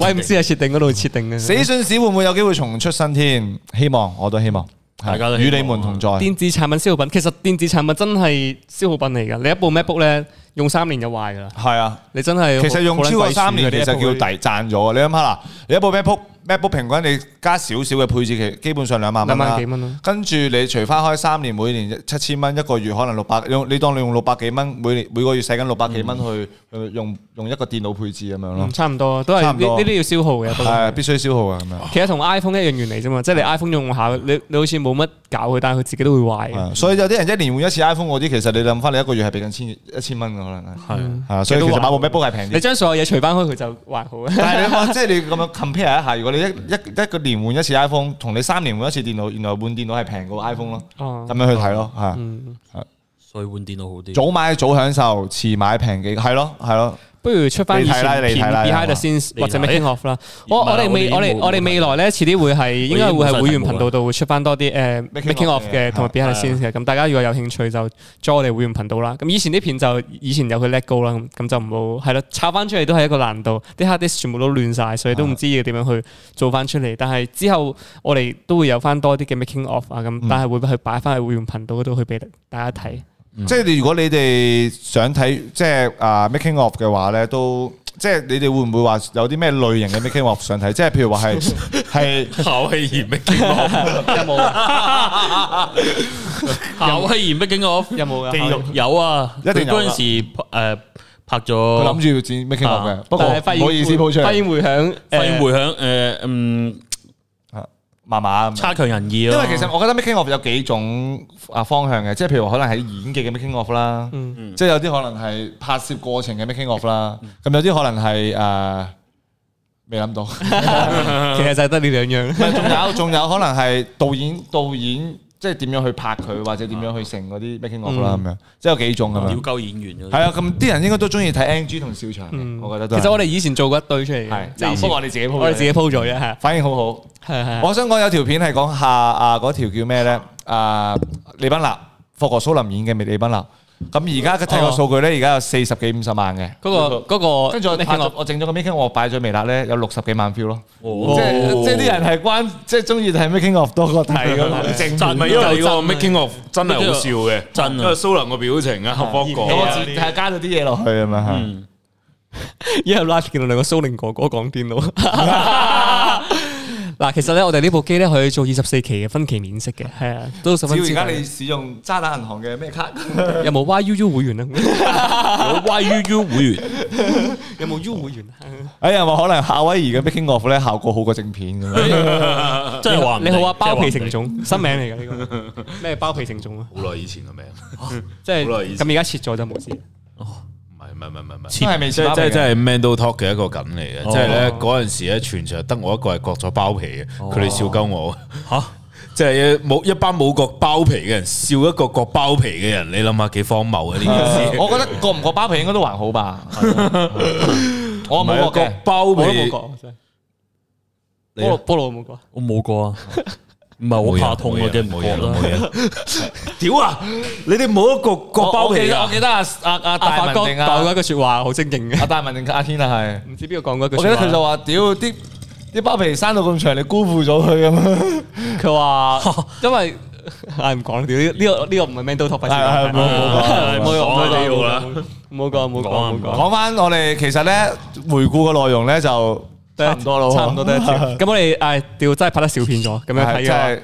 我唔知啊，設定嗰度設定嘅。死信使會唔會有機會重出生天？希望我都希望，大家都與你們同在。電子產品消耗品，其實電子產品真係消耗品嚟噶。你一部 MacBook 咧，用三年就壞噶啦。係啊，你真係其實用超過三年你就叫抵賺咗。你諗下啦，你一部 MacBook。MacBook 平均你加少少嘅配置，其基本上兩萬蚊啦。兩萬幾蚊咯。跟住你除翻開三年，每年七千蚊，一個月可能六百，用你當你用六百幾蚊，每年每個月使緊六百幾蚊去用用一個電腦配置咁樣咯。嗯，差唔多，都係呢啲要消耗嘅。係必須消耗嘅，係咪？其實同 iPhone 一樣原理啫嘛，即係你 iPhone 用下，你你好似冇乜搞佢，但係佢自己都會壞。係。所以有啲人一年換一次 iPhone 嗰啲，其實你諗翻你一個月係俾緊千一千蚊嘅可能。係所以其實買部 MacBook 係平啲。你將所有嘢除翻開，佢就還好。即係你咁樣 compare 一下，如果你一一一個年換一次 iPhone，同你三年換一次電腦，原來換電腦係平過 iPhone 咯，咁、啊、樣去睇咯嚇，嗯、係，所以換電腦好啲。早買早享受，遲買平幾，係咯係咯。不如出翻以前片 Behind the Scenes，或者 Making of 啦。啦我我哋未我哋未我哋我哋未來咧，遲啲會係應該會係會員頻道度會出翻多啲誒、uh, Making of 嘅同埋 Behind the Scenes 嘅。咁大家如果有興趣就 join 我哋會員頻道啦。咁以前啲片就以前有佢 Let Go 啦，咁就唔好，係咯。拆翻出嚟都係一個難度。啲 Behind the Scenes 全部都亂晒，所以都唔知要點樣去做翻出嚟。的但係之後我哋都會有翻多啲嘅 Making of 啊咁，但係會去擺翻喺會員頻道度去俾大家睇。嗯。即係你如果你哋想睇即係啊 making of 嘅話咧，都即係你哋會唔會話有啲咩類型嘅 making of 想睇？ (laughs) 即係譬如話係係口氣嚴 making of (laughs) of? 有冇？口氣嚴 making of 有冇？有有啊！一定嗰陣時誒、呃、拍咗，諗住要剪 making of 嘅、啊，不過不好意思，呃、會發現回響，呃、發現回響誒嗯。呃呃呃麻差強人意咯、啊。因為其實我覺得 Making Of 有幾種啊方向嘅，即係譬如可能係演技嘅 Making Of 啦、嗯，嗯、即係有啲可能係拍攝過程嘅 Making Of 啦、嗯，咁有啲可能係誒未諗到， (laughs) (laughs) 其實就係得呢兩樣。仲有仲有可能係導演， (laughs) 導演。即係點樣去拍佢，或者點樣去成嗰啲 making of 啦咁樣，即係有幾種咁。要夠、嗯、嗎演員嘅。係啊，咁啲人應該都中意睇 NG 同笑場，嗯、我覺得都。其實我哋以前做過一堆出嚟嘅，即係是我哋自己鋪。我哋自己鋪咗嘅，我自己鋪反應好好。係係、嗯，我想講有條片係講下、嗯、啊，嗰條叫咩咧？啊，利賓納霍格蘇林演嘅《未？利賓納》。咁而家嘅睇個數據咧，而家有四十幾五十萬嘅。嗰個嗰個跟住我我整咗個 making of，擺咗微辣咧，有六十幾萬 view 咯。即係即係啲人係關，即係中意睇 making of 多過睇正。因為因為 making of 真係好笑嘅，因為蘇寧個表情啊，合波過啊，係加咗啲嘢落去啊嘛嚇。因為 last 見到兩個蘇寧哥哥講電腦咯。嗱，其實咧，我哋呢部機咧可以做二十四期嘅分期免息嘅，係啊，都十分之。而家你使用渣打銀行嘅咩卡？ (laughs) 有冇 YUU 會員啊 (laughs) ？YUU 會員有冇 U 會員哎呀，話可能夏威夷嘅 making of 咧效果好過正片咁。真係 (laughs) 你，你好啊，包皮成種，新名嚟嘅，呢個咩包皮成種啊？好耐以前嘅名，即係咁而家撤咗就冇事。啊啊啊唔係唔係唔係，真係真真真係 man 到 talk 嘅一個梗嚟嘅，即係咧嗰陣時咧,全場得我一個係割咗包皮嘅,佢哋笑鳩我，吓，即係冇一班冇割包皮嘅人笑一個割包皮嘅人，你諗下幾荒謬啊呢件事！我覺得割唔割包皮應該都還好吧，我冇割包皮，菠蘿菠蘿冇割，我冇割啊。唔係我怕痛，我驚冇嘢啦。屌啊！你哋冇一個割包皮啊！我記得阿阿阿大民定啊，講過一句說話好正勁嘅。阿達文定阿天啊，係唔知邊個講嗰句？我記得佢就話：屌，啲啲包皮生到咁長，你辜負咗佢啊！佢話因為唉，唔講啦。屌，呢個呢個唔係 man 刀托，係係冇冇冇講你冇啦，冇講冇講。講翻我哋其實咧回顧個內容咧就。對差唔多咯，差唔多得一次。咁 (laughs) 我哋誒調真係拍得少片咗，咁樣睇嘅，就是。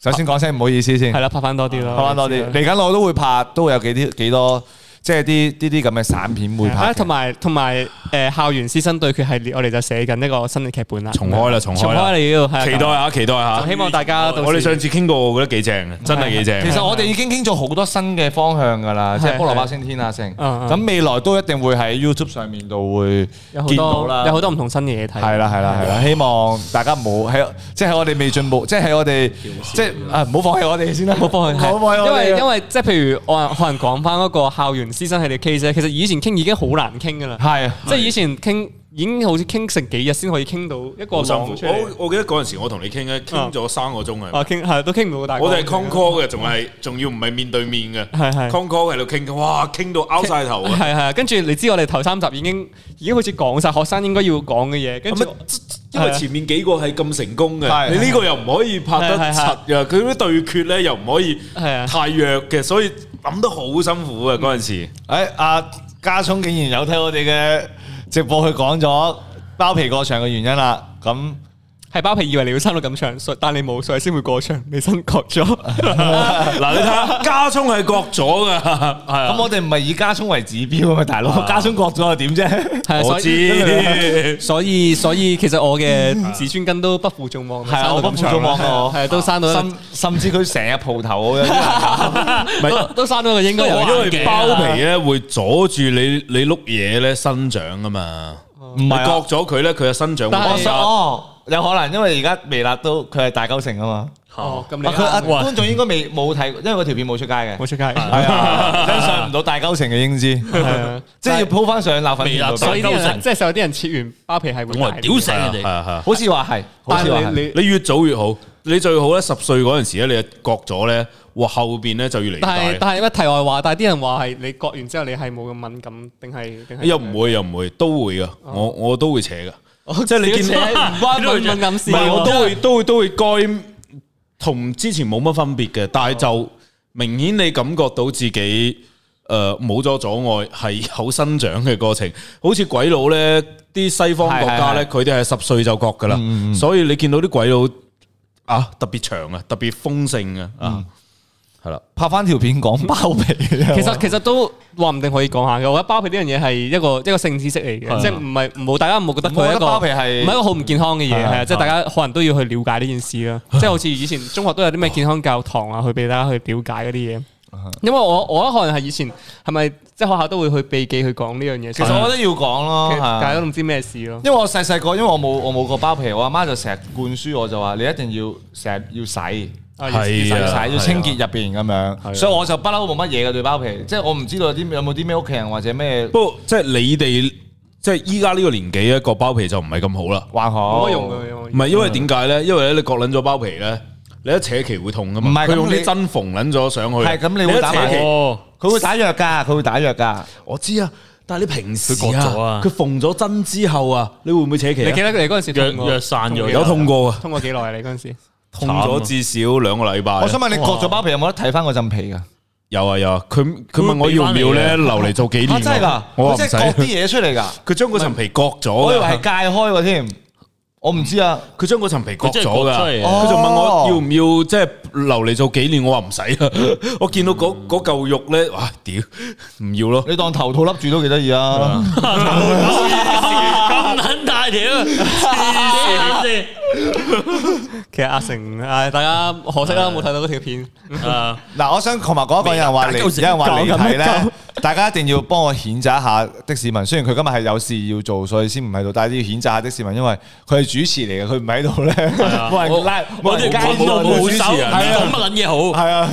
首先講聲唔好意思先拍。係啦，拍翻多啲咯，拍翻多啲。嚟緊對我都會拍，都會有幾啲幾多。即係啲啲啲咁嘅散片會拍，同埋同埋誒校園師生對決系列，我哋就寫緊呢個新嘅劇本啦。重開啦，重開你要期待下，期待下，希望大家。我哋上次傾過，我覺得幾正真係幾正。其實我哋已經傾咗好多新嘅方向噶啦，即係菠蘿包升天啊，盛咁未來都一定會喺 YouTube 上面度會見到啦，有好多唔同新嘅嘢睇。係啦，係啦，係啦，希望大家唔好喺即係我哋未進步，即係我哋即係誒唔好放棄我哋先啦，唔好放棄。因為因為即係譬如我可能講翻嗰個校園。師生係你 case 其實以前傾已，對已經好難傾噶啦，係，即係以前傾已經好似傾成幾日先可以傾到一個，我我記得嗰陣時我同你傾咧，傾咗三個鐘啊，傾係、啊、都傾唔到大。我哋係 concall 嘅，仲係仲要唔係面對面嘅，係係 concall 喺度傾嘅，哇，傾到拗晒 t 曬頭啊，跟住你知我哋頭三集已經已經好似講晒學生應該要講嘅嘢，跟因為前面幾個係咁成功嘅，是的 你呢個又唔可以拍得柒啊！佢啲對決咧又唔可以係啊太弱嘅，是的 所以諗得好辛苦嘅嗰陣時、嗯哎。誒，阿嘉聰竟然有聽我哋嘅直播，佢講咗包皮過長嘅原因啦。咁。係包皮，以為你要生到咁長，但你冇，所以先會過長，你生割咗。嗱，你睇下，家聰係割咗噶，係咁我哋唔係以家聰為指標啊，大佬，家聰割咗又點啫？我知，所以所以，其實我嘅子孫根都不負眾望，係有咁長係都生到，甚至佢成日蒲頭，都都生到。應該因為包皮咧會阻住你你碌嘢咧生長啊嘛。唔係割咗佢咧，佢嘅生長冇咗。哦，有可能，因為而家微辣都佢係大鳩成啊嘛。哦，咁你觀眾應該未冇睇，因為個條片冇出街嘅，冇出街，上唔到大鳩成嘅英姿，即係要鋪翻上去辣粉。所以啲人即係有啲人切完包皮係會大。我屌死人哋，好似話係，好似話你你越早越好。你最好咧，十歲嗰陣時咧，你就割咗咧。哇，後邊咧就要嚟大。但係但係乜題外話，但係啲人話係你割完之後，你係冇咁敏感定係？又唔會又唔會，都會噶，我我都會扯噶，即係你見到唔關對敏感事。唔係，我都會都會都會改同之前冇乜分別嘅，但係就明顯你感覺到自己誒冇咗阻礙，係有生長嘅過程。好似鬼佬咧，啲西方國家咧，佢哋係十歲就割噶啦，所以你見到啲鬼佬。啊！特別長啊，特別豐盛啊！嗯、啊，係啦，拍翻條片講包皮、啊 (laughs) 其。其實其實都話唔定可以講下嘅。我覺得包皮呢樣嘢係一個一個性知識嚟嘅，的即係唔係冇大家冇覺得佢一個。冇覺得包皮係一個好唔健康嘅嘢，係啊，即係大家可能都要去了解呢件事啦，即係的好似以前中學都有啲咩健康教堂啊，去俾 (laughs) 大家去了解嗰啲嘢。因為我我可能係以前係咪即係學校都會去避忌去講呢樣嘢？其實我都要講咯，大家都唔知咩事咯。因為我細細個，因為我冇我冇過包皮，我阿媽就成日灌輸我，我就話你一定要成日要洗，係的洗，洗，洗，要清潔入邊咁樣，的的所以我就不嬲冇乜嘢嘅對包皮，即係我唔知道有啲有冇啲咩屋企人或者咩。不過即係、就是、你哋即係依家呢個年紀咧，割包皮就唔係咁好啦，還好冇乜用嘅，唔係因為點解咧？因為咧的的你割捻咗包皮咧。你一扯旗會痛噶嘛？唔係，佢用啲針縫捻咗上去。係咁，你會打麻藥，佢會打藥噶，佢會打藥噶。我知啊，但係你平時啊，佢縫咗針之後啊，你會唔會扯旗？你記得你嗰陣時藥藥散咗有痛過啊？痛過幾耐啊？你嗰陣時痛咗至少兩個禮拜。我想問你割咗包皮有冇得睇翻嗰陣皮噶？有啊有，佢佢問我要唔要咧，留嚟做紀念？真係噶，我真係割啲嘢出嚟噶，佢將嗰層皮割咗，我以為係戒開個添。我唔知啊，佢將嗰層皮割咗㗎，佢、哦、就問我要唔要，即係留嚟做紀念。我話唔使啊，我見到嗰嚿肉咧，哇屌，唔、啊、要咯，你當頭套笠住都幾得意啊，咁撚、啊、 (laughs) (laughs) 大條，黐 (laughs) 其實阿成，誒，大家可惜啦，冇睇到嗰條片。嗱，我想同埋嗰個人話你，有人話你睇咧，大家一定要幫我譴責一下的市民。雖然佢今日係有事要做，所以先唔喺度，但係要譴責下的市民，因為佢係主持嚟嘅，佢唔喺度咧。我哋街市度冇主持人，講乜卵嘢好？係啊。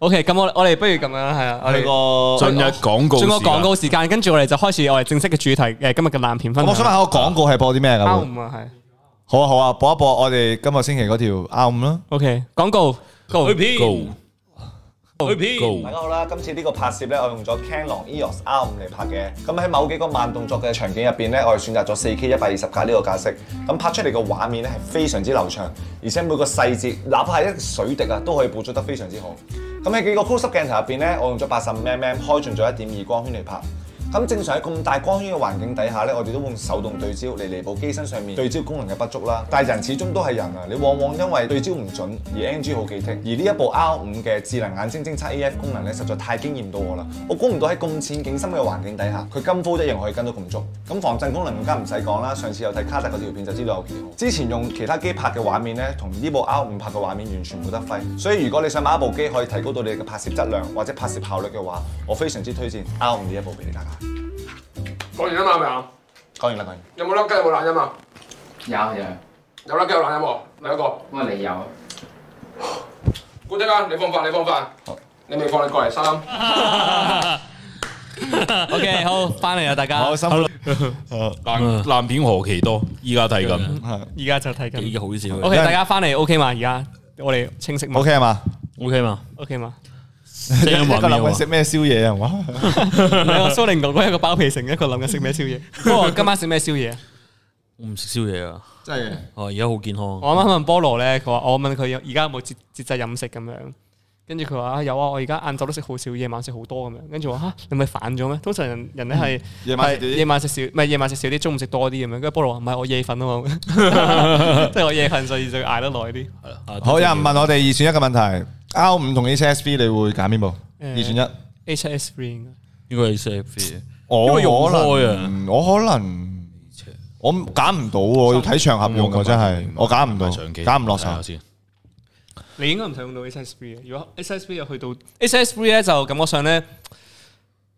OK，咁我我哋不如咁樣，係啊，我哋個進入廣告，進入廣告時間，跟住我哋就開始我哋正式嘅主題。誒，今日嘅爛片分享。我想問下，個廣告係播啲咩咁。唔係。好啊好啊，播一播我哋今個星期嗰條 R 五啦。OK，廣告，Go，去片，Go，去片。大家好啦，今次呢個拍攝咧，我用咗 Canon EOS R 五嚟拍嘅。咁喺某幾個慢動作嘅場景入邊咧，我哋選擇咗 4K 一百二十格呢個格式。咁拍出嚟嘅畫面咧係非常之流暢，而且每個細節，哪怕係一水滴啊，都可以捕捉得非常之好。咁喺幾個 close-up 鏡頭入邊咧，我用咗八十五 mm 開進咗一點二光圈嚟拍。咁正常喺咁大光圈嘅環境底下呢，我哋都會用手動對焦嚟彌補機身上面對焦功能嘅不足啦。但係人始終都係人啊，你往往因為對焦唔準而 NG 好幾次。而呢一部 R 五嘅智能眼睛偵測 AF 功能呢，實在太驚豔到我啦！我估唔到喺咁淺景深嘅環境底下，佢跟風一樣可以跟到咁足。咁防震功能更加唔使講啦，上次有睇卡特嗰條片就知道有幾好。之前用其他機拍嘅畫面呢，同呢部 R 五拍嘅畫面完全冇得揮。所以如果你想買一部機可以提高到你嘅拍攝質量或者拍攝效率嘅話，我非常之推薦 R 五呢一部俾你大講完啦嘛？未啊？講完啦，講完。有冇甩雞？有冇爛音啊？有有有，有甩雞有爛音喎，兩個。我哋有。古仔啊，你放飯，你放飯，你未放，你過嚟心。O K，好，翻嚟啦，大家。好，辛苦。嗯，爛爛片何其多，依家睇緊。係。依家就睇緊。依家好少。O K，大家翻嚟 O K 嘛？而家我哋清晰冇。O K 嘛？O K 嘛？O K 嘛？一個諗緊食咩宵夜啊，係嘛？蘇寧哥哥一個包皮成，一個諗緊食咩宵夜。不過我今晚食咩宵夜啊？唔食宵夜啊，真係。哦，而家好健康。我啱啱問菠蘿咧，佢話我問佢而家有冇節節制飲食咁樣，跟住佢話有啊，我而家晏晝都食好少，夜晚食好多咁樣。跟住我吓，你咪反咗咩？通常人人哋係夜晚食夜晚食少，唔係夜晚食少啲，中午食多啲咁樣。跟住菠蘿話唔係，我夜瞓啊嘛，即係我夜瞓所以就挨得耐啲。好，有人問我哋二選一嘅問題。R 五同 H S V 你會揀邊部？二選一？H S V 應該應該 H S V，我可能我可能我揀唔到喎，要睇場合用啊，真係我揀唔到相機，揀唔落手先。你應該唔使用到 H S V 嘅，如果 H S V 又去到 H S V 咧，就感覺上咧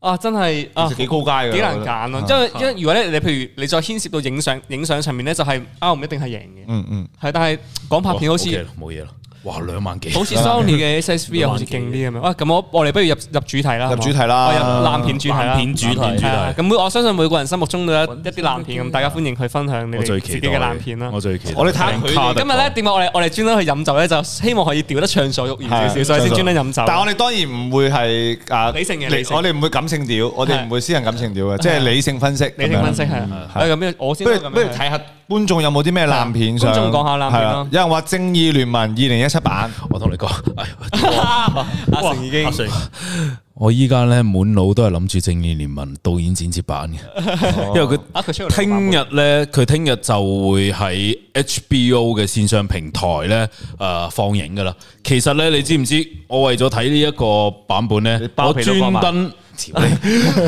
啊真係啊幾高階嘅，幾難揀咯。因為因為如果咧，你譬如你再牽涉到影相影相上面咧，就係 R 五一定係贏嘅。嗯嗯，係但係講拍片好似冇嘢咯。哇，兩萬幾？好似 Sony 嘅 SSV 又好似勁啲咁樣。哇，咁我我哋不如入入主題啦。入主題啦，爛片主題片主題。咁我相信每個人心目中都有一啲爛片咁，大家歡迎去分享你自己嘅爛片啦。我哋睇下佢今日咧，點解我哋我哋專登去飲酒咧，就希望可以調得暢所欲言少少，所以先專登飲酒。但係我哋當然唔會係啊，理性嘅，我哋唔會感性屌，我哋唔會私人感性屌嘅，即係理性分析。理性分析係。咁樣，我先不如睇下。觀眾有冇啲咩爛片想？觀眾講下爛片咯、啊。有人話《正義聯盟》二零一七版，我同你講，阿、哎、成哇哇已經，水我依家咧滿腦都係諗住《正義聯盟》導演剪接版嘅，哦、因為佢聽日咧，佢聽日就會喺 HBO 嘅線上平台咧誒放映噶啦。其實咧，你知唔知？我為咗睇呢一個版本咧，我專登。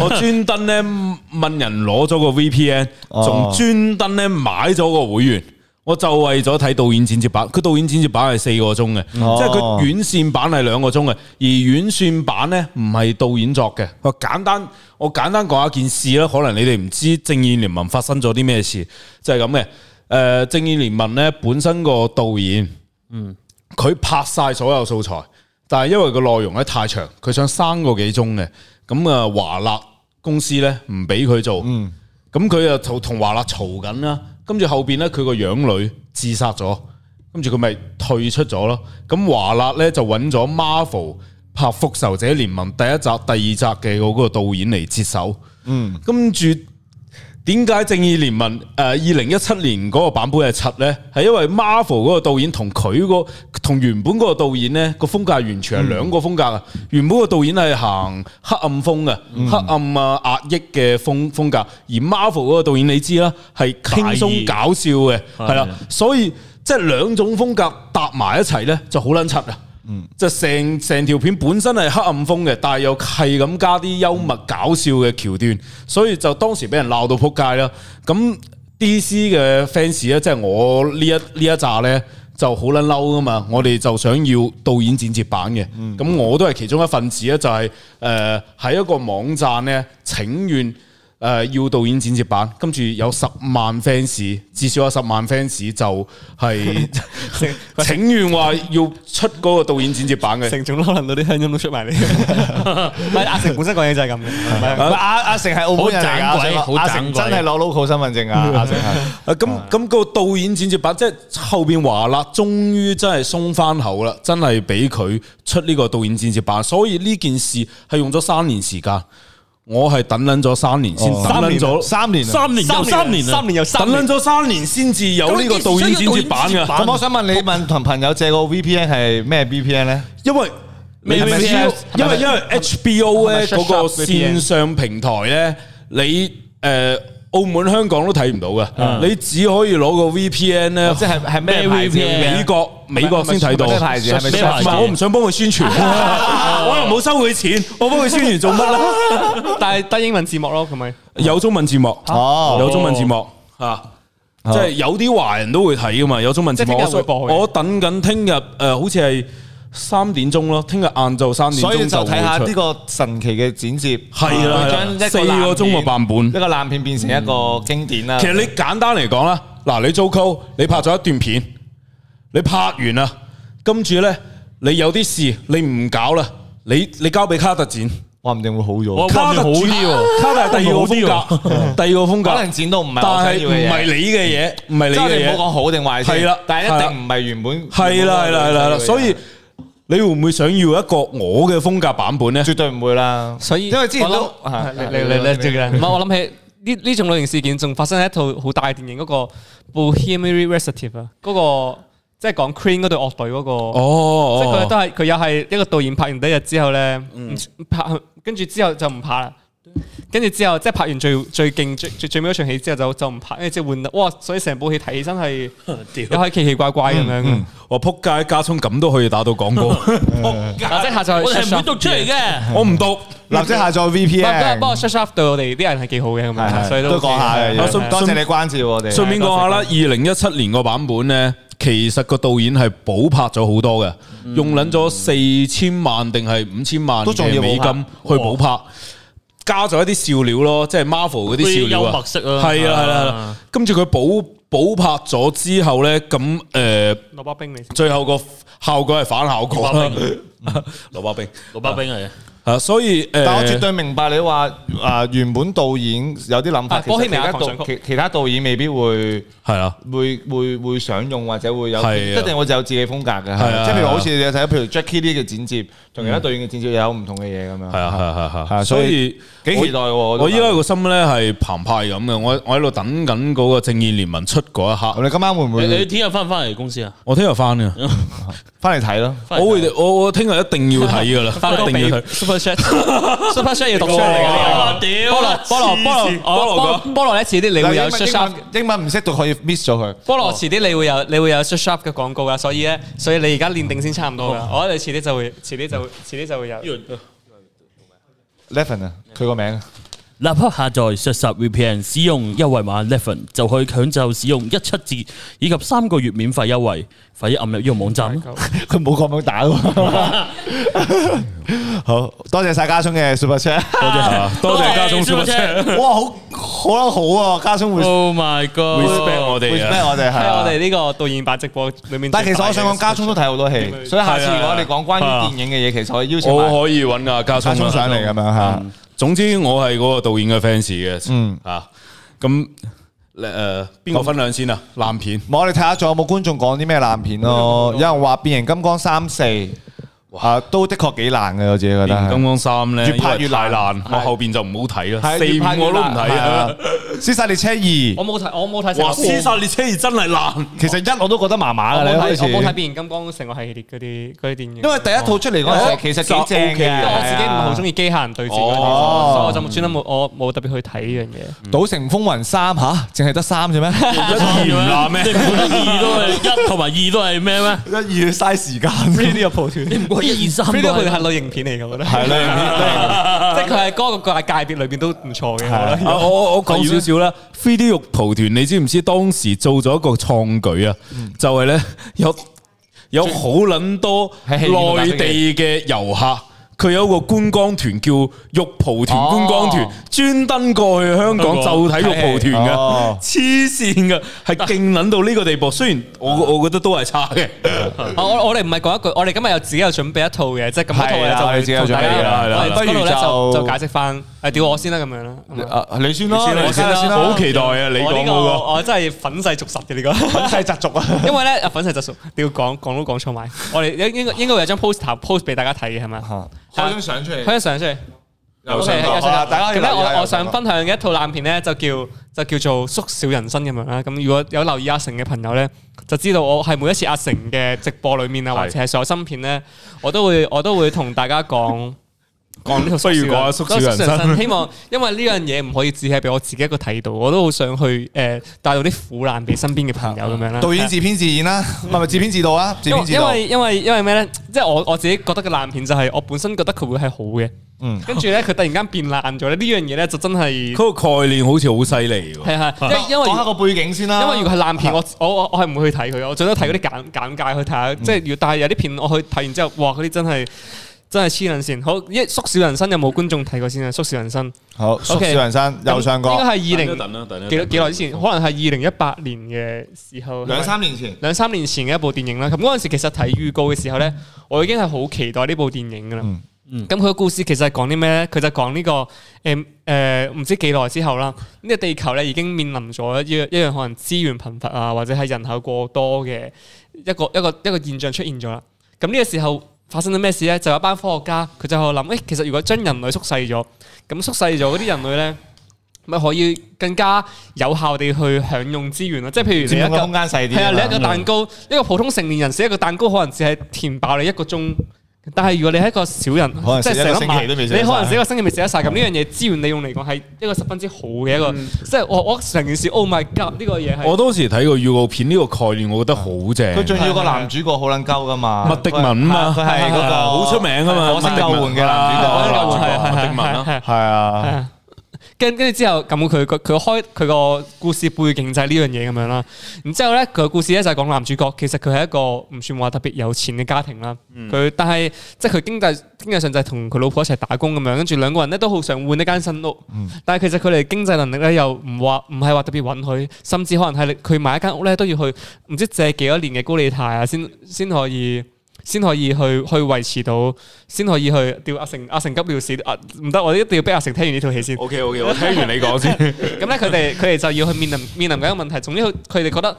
我專登咧問人攞咗個 VPN，仲專登咧買咗個會員，我就為咗睇導演剪接版。佢導演剪接版係四個鐘嘅，哦、即係佢院線版係兩個鐘嘅，而院線版咧唔係導演作嘅。我簡單，我簡單講一件事啦。可能你哋唔知正義聯盟發生咗啲咩事，就係咁嘅。誒、呃，正義聯盟咧本身個導演，嗯，佢拍晒所有素材，但係因為個內容咧太長，佢想三個幾鐘嘅。咁啊華納公司咧唔俾佢做，咁佢啊就同華納嘈緊啦，跟住後邊咧佢個養女自殺咗，跟住佢咪退出咗咯。咁華納咧就揾咗 Marvel 拍復仇者聯盟第一集、第二集嘅嗰個導演嚟接手，跟住、嗯。點解正義聯盟誒二零一七年嗰個版本係柒呢？係因為 Marvel 嗰個導演同佢，嗰個同原本嗰個導演呢個風格完全係兩個風格啊！嗯，原本個導演係行黑暗風嘅黑暗啊壓抑嘅風風格，嗯，而 Marvel 嗰個導演你知啦，係輕鬆搞笑嘅，係啦，所以即係兩種風格搭埋一齊呢就好撚柒啊！嗯，就成成條片本身係黑暗風嘅，但係又係咁加啲幽默搞笑嘅橋段，嗯、所以就當時俾人鬧到撲街啦。咁 D C 嘅 fans 咧，即、就、係、是、我一一呢一呢一紮咧就好捻嬲，吖嘛，我哋就想要導演剪接版嘅。咁、嗯、我都係其中一份子咧，就係誒喺一個網站咧，請願。誒、呃，要導演剪接版，跟住有十萬 fans，至少有十萬 fans 就係請願話要出嗰個導演剪接版嘅，成眾可能到啲鄉音，音都出埋嚟。唔係阿成本身講嘢就係咁嘅，阿阿成係澳門人阿、啊、成真係攞 local 身份證啊！阿、啊、成 (laughs) 啊，咁咁、嗰個導演剪接版即係後邊話啦，終於真係鬆翻口啦，真係俾佢出呢個導演剪接版，所以呢件事係用咗三年時間。我係等捻咗三年先，三年咗，三年，三年，三年，三年等咗三年先至有呢個導演剪接版嘅。我想問你，問同朋友借個 VPN 係咩 VPN 呢？因為，因為因為 HBO 咧嗰個線上平台呢，你誒。澳門香港都睇唔到嘅，你只可以攞個 VPN 咧，即係係咩牌子？美國美國先睇到咩牌子？係咪？唔係我唔想幫佢宣傳，我又冇收佢錢，我幫佢宣傳做乜咧？但係得英文字幕咯，係咪？有中文字幕，哦，有中文字幕啊，即係有啲華人都會睇噶嘛，有中文字幕。我等緊聽日誒，好似係。三點鐘咯，聽日晏晝三點鐘，所以就睇下呢個神奇嘅剪接，係啦，四個鐘嘅版本，一個爛片變成一個經典啦。其實你簡單嚟講啦，嗱，你租 c 你拍咗一段片，你拍完啦，跟住咧，你有啲事，你唔搞啦，你你交俾卡特剪，話唔定會好咗，卡特好啲，卡特係第二個風格，第二個風格可能剪到唔係，但係唔係你嘅嘢，唔係你嘅嘢，唔好講好定壞先，係啦，但係一定唔係原本，係啦係啦係啦，所以。你會唔會想要一個我嘅風格版本呢？絕對唔會啦。所以因為之前都，你你、啊啊、你，唔係我諗起呢呢種類型事件仲發生喺一套好大的電影嗰、那個《Bohemian Rhapsody》啊，嗰個即係講 Queen 嗰隊樂隊嗰個，就是那個哦、即係佢都係佢又係一個導演拍完第一日之後呢，拍跟住之後就唔拍啦。跟住之後，即係拍完最最勁、最最最尾一場戲之後，就就唔拍，即係換。哇！所以成部戲睇起身係又係奇奇怪怪咁樣。我仆街加充咁都可以打到廣告，下載我唔讀出嚟嘅。我唔讀，立即下載 VPN。今日幫我 shut up 對我哋啲人係幾好嘅，所以都講下。多謝你關照我哋。順便講下啦，二零一七年個版本咧，其實個導演係補拍咗好多嘅，用捻咗四千萬定係五千萬嘅美金去補拍。加咗一啲笑料咯，即係 Marvel 嗰啲笑料有白色啊，係啊係啦，啊啊啊、跟住佢補補拍咗之後咧，咁、呃、誒，蘿蔔冰你，最後個效果係反效果啦，蘿蔔冰，蘿蔔冰係啊。係，所以誒，但係我絕對明白你話啊，原本導演有啲諗法，其實其他導，其其他導演未必會係啊，會會會想用或者會有，一定會有自己風格嘅，即係譬如好似你睇，譬如 Jackie 呢嘅剪接，仲有其他導演嘅剪接有唔同嘅嘢咁樣。係啊係係係，所以幾期待喎！我依家個心咧係澎湃咁嘅，我我喺度等緊嗰個正義聯盟出嗰一刻。你今晚會唔會？你聽日翻唔翻嚟公司啊？我聽日翻啊，翻嚟睇咯。我會，我我聽日一定要睇㗎啦，一定要睇。shop，super shop 要讀出嚟㗎，菠蘿，菠蘿，菠蘿，菠蘿，菠蘿，遲啲你會有 shop，英文唔識讀可以 miss 咗佢。菠蘿，遲啲你會有，你會有 shop 嘅廣告㗎，所以咧，所以你而家練定先差唔多啦。我覺得你遲啲就會，遲啲就會，遲啲就會有。Eleven 啊，佢個名啊。立刻下載 SaaS VPN，使用優惠碼 Eleven 就可以享受使用一七折以及三個月免費優惠。快啲撳入呢個網站，佢冇咁樣打。好多謝晒家聰嘅 Super 車，多謝家聰 Super 車，哇，好，好啦，好啊，家聰會，Oh my God，respect 我哋，respect 我哋，係我哋呢個導演版直播裏面。但係其實我想講，家聰都睇好多戲，所以下次如果你講關於電影嘅嘢，其實我可以邀請，我可以揾個，家聰上嚟咁樣吓。總之我係嗰個導演嘅 fans 嘅，嗯、啊，咁誒，邊、呃、個分享先啊？爛、嗯、片，我哋睇下仲有冇觀眾講啲咩爛片咯、啊？有人話說《變形金剛》三四。吓都的確幾難嘅，我自己覺得。變形金剛三咧，越拍越爛爛，我後邊就唔好睇啦。四拍我都唔睇啊。《屍殺列車二》我冇睇，我冇睇《屍殺列車二》真係爛。其實一我都覺得麻麻嘅咧。我冇睇變形金剛成個系列嗰啲嗰啲電影。因為第一套出嚟嗰陣其實幾正嘅，我自己唔係好中意機械人對戰嗰，所以我就專登冇我冇特別去睇呢樣嘢。《賭城風雲三》吓，淨係得三啫咩？一、二都係一，同埋二都係咩咩？一、二要嘥時間。呢啲又破斷，你依然新啊！3D 係類型片嚟嘅，我覺得係類型片。即係佢係嗰個界界別裏邊都唔錯嘅。我我講少少啦，3D 肉蒲團，你知唔知當時做咗一個創舉啊？就係咧，有有好撚多內地嘅遊客。佢有一個觀光團叫玉蒲團觀光團，專登、哦、過去香港果就睇玉蒲團嘅，黐線嘅，係勁撚到呢個地步。雖然我我覺得都係差嘅，我我哋唔係講一句，我哋今日有自己有準備一套嘅，即係咁一套、啊、就不如就解釋翻。誒，屌我先啦，咁樣啦，啊，你先啦，我先啦，先啦啊、我好期待啊，你講嗰個，我真係粉細逐實嘅你講，粉細逐逐啊，因為咧，粉細逐你要講講都講錯埋，我哋應應該應該會有張 post 圖 post 俾大家睇嘅，係咪？嚇、啊，開張相出嚟，開張相出嚟、啊，大家記得我上我想分享嘅一套爛片咧，就叫就叫做縮小人生咁樣啦。咁如果有留意阿成嘅朋友咧，就知道我係每一次阿成嘅直播裡面啊，或者係上新片咧，我都會我都會同大家講。 (laughs) 講呢套縮小人生，希望因為呢樣嘢唔可以只係俾我自己一個睇到，我都好想去誒，帶到啲苦難俾身邊嘅朋友咁樣啦。導演自編自演啦，唔係咪自編自導啊？因為因為因為咩咧？即係我我自己覺得嘅爛片就係我本身覺得佢會係好嘅，嗯，跟住咧佢突然間變爛咗呢樣嘢咧就真係佢個概念好似好犀利。係係，因因為講下個背景先啦。因為如果係爛片，我我我我係唔會去睇佢，我最多睇嗰啲簡簡介去睇下。即係如但係有啲片我去睇完之後，哇，嗰啲真係。真係黐捻線，好！一縮小人生有冇觀眾睇過先啊？縮小人生，好，縮小人生右上角應該係二零幾幾耐之前，可能係二零一八年嘅時候，兩三年前，兩三年前嘅一部電影啦。咁嗰陣時其實睇預告嘅時候呢，我已經係好期待呢部電影噶啦。咁佢嘅故事其實係講啲咩呢？佢就講呢個誒誒，唔知幾耐之後啦，呢個地球呢已經面臨咗一一樣可能資源貧乏啊，或者係人口過多嘅一個一個一個現象出現咗啦。咁呢個時候。發生咗咩事咧？就有一班科學家，佢就喺度諗，誒、欸，其實如果將人類縮細咗，咁縮細咗嗰啲人類咧，咪可以更加有效地去享用資源咯。即係譬如你一個，係啊，啊，你一個蛋糕，一個普通成年人食一個蛋糕，可能只係填飽你一個鐘。但係如果你係一個小人，可能即係成一晚，你可能成個星期未寫得晒。咁，呢樣嘢資源利用嚟講係一個十分之好嘅一個，即係我我成件事，oh my god！呢個嘢，我當時睇過個預告片，呢個概念，我覺得好正。佢仲要個男主角好撚鳩噶嘛？麥迪文啊嘛，佢係嗰個好出名㗎嘛，講身救換嘅男主角麥迪文咯，係啊。跟跟住之後，咁佢佢開佢個故事背景就係呢樣嘢咁樣啦。然之後咧，佢個故事咧就係講男主角，其實佢係一個唔算話特別有錢嘅家庭啦。佢但係即係佢經濟經濟上就係同佢老婆一齊打工咁樣，跟住兩個人咧都好想換一間新屋。但係其實佢哋經濟能力咧又唔話唔係話特別允許，甚至可能係佢買一間屋咧都要去唔知借幾多年嘅高利貸啊，先先可以。先可以去去維持到，先可以去掉阿成阿成急尿屎，阿唔得，我一定要逼阿成聽完呢套戲先。O K O K，我聽完你講先。咁咧，佢哋佢哋就要去面臨面臨緊一個問題，總之佢佢哋覺得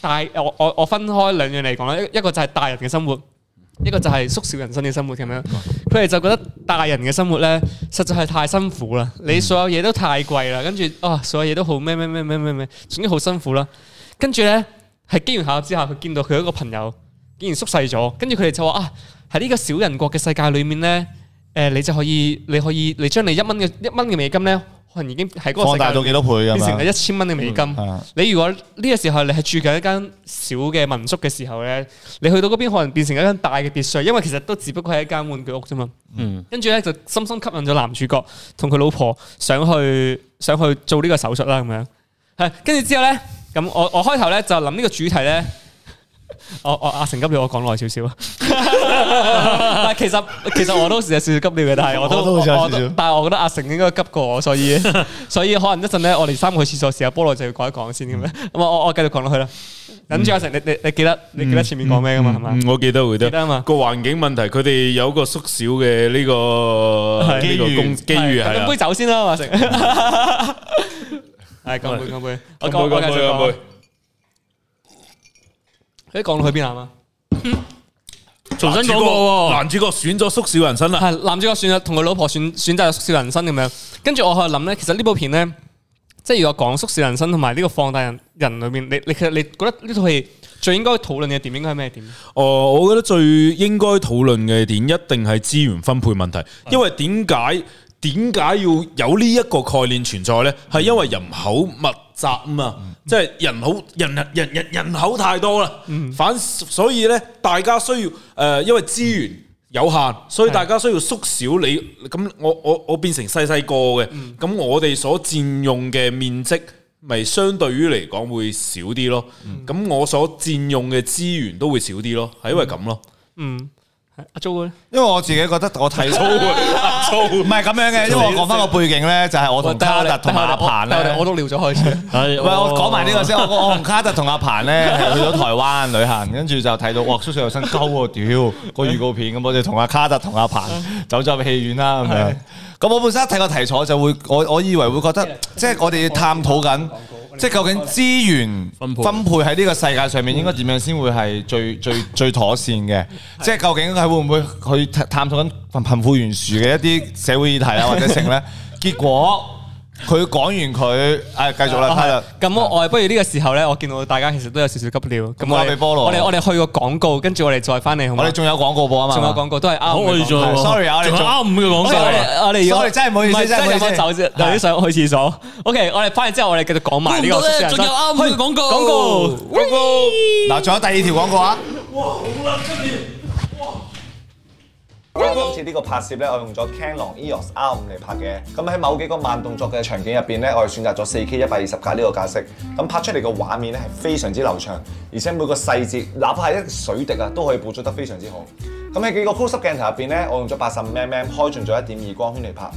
大，我我我分開兩樣嚟講啦，一一個就係大人嘅生活，一個就係縮小人生嘅生活咁樣。佢哋就覺得大人嘅生活咧，實在係太辛苦啦，你所有嘢都太貴啦，跟住啊所有嘢都好咩咩咩咩咩咩，總之好辛苦啦。跟住咧，係機緣巧合之下，佢見到佢一個朋友。竟然縮細咗，跟住佢哋就話啊，喺呢個小人國嘅世界裏面咧，誒，你就可以，你可以，你將你一蚊嘅一蚊嘅美金咧，可能已經喺嗰個放大咗幾多倍咁啊，變成一千蚊嘅美金。你如果呢個時候你係住緊一間小嘅民宿嘅時候咧，你去到嗰邊可能變成一間大嘅別墅，因為其實都只不過係一間玩具屋啫嘛。嗯，跟住咧就深深吸引咗男主角同佢老婆想去，想去做呢個手術啦咁樣。係，跟住之後咧，咁我我開頭咧就諗呢個主題咧。我我阿成急尿，我講耐少少啊。但係其實其實我都時有少少急尿嘅，但係我都但係我覺得阿成應該急過我，所以所以可能一陣咧，我哋三個去廁所試下，菠蘿就要講一講先咁樣。咁啊，我我繼續講落去啦。等住阿成，你你你記得你記得前面講咩噶嘛？我記得記得啊嘛。個環境問題，佢哋有個縮小嘅呢個呢個機機遇係。杯酒先啦阿成。係，乾杯乾杯，乾杯乾杯。你講到去邊啊？嘛、嗯，重新講過，男主角選咗縮小人生啦，係男主角選咗同佢老婆選選擇縮小人生咁樣。跟住我喺度諗咧，其實呢部片咧，即係如果講縮小人生同埋呢個放大人人裏邊，你你其實你覺得呢套戲最應該討論嘅點應該係咩點？哦、呃，我覺得最應該討論嘅點一定係資源分配問題，因為點解？嗯點解要有呢一個概念存在呢？係因為人口密集啊嘛，即係、嗯、人口人人人人口太多啦。嗯、反所以呢，大家需要誒，因為資源有限，所以大家需要縮、呃嗯、小你咁、嗯，我我我變成細細個嘅。咁、嗯、我哋所佔用嘅面積，咪相對於嚟講會少啲咯。咁、嗯、我所佔用嘅資源都會少啲咯，係因為咁咯嗯。嗯。阿祖咧，因為我自己覺得我睇祖，祖唔係咁樣嘅。因為我講翻個背景咧，就係我同卡特同阿鵬咧，我都撩咗開先。係，唔係我講埋呢個先。我我同卡特同阿鵬咧去咗台灣旅行，跟住就睇到哇，叔叔有身溝喎，屌個預告片咁，我就同阿卡特同阿鵬走咗去戲院啦，咁樣。咁我本身一睇個題材就會，我我以為會覺得，即係我哋要探討緊，即係究竟資源分配喺呢個世界上面應該點樣先會係最最最妥善嘅，即係 (laughs) 究竟係會唔會去探討緊貧富懸殊嘅一啲社會議題啊，或者成咧， (laughs) 結果。佢講完佢，誒，繼續啦，睇啦。咁我，我哋不如呢個時候咧，我見到大家其實都有少少急尿。咁我哋，菠蘿，我哋，我哋去個廣告，跟住我哋再翻嚟，好唔好？我哋仲有廣告播啊嘛，仲有廣告都係啱五嘅廣告。我哋真係唔好意思，真係想走先，有啲想去廁所。OK，我哋翻嚟之後，我哋繼續講埋呢個。仲有啱五嘅廣告，廣告，嗱，仲有第二條廣告啊！哇，好啦，今年。今次呢個拍攝咧，我用咗 Canon EOS R5 嚟拍嘅。咁喺某幾個慢動作嘅場景入邊咧，我哋選擇咗 4K 一百二十格呢個格式。咁拍出嚟嘅畫面咧，係非常之流暢，而且每個細節，哪怕係一水滴啊，都可以捕捉得非常之好。咁喺幾個 close 鏡頭入邊咧，我用咗八十五 mm 開進咗一點二光圈嚟拍。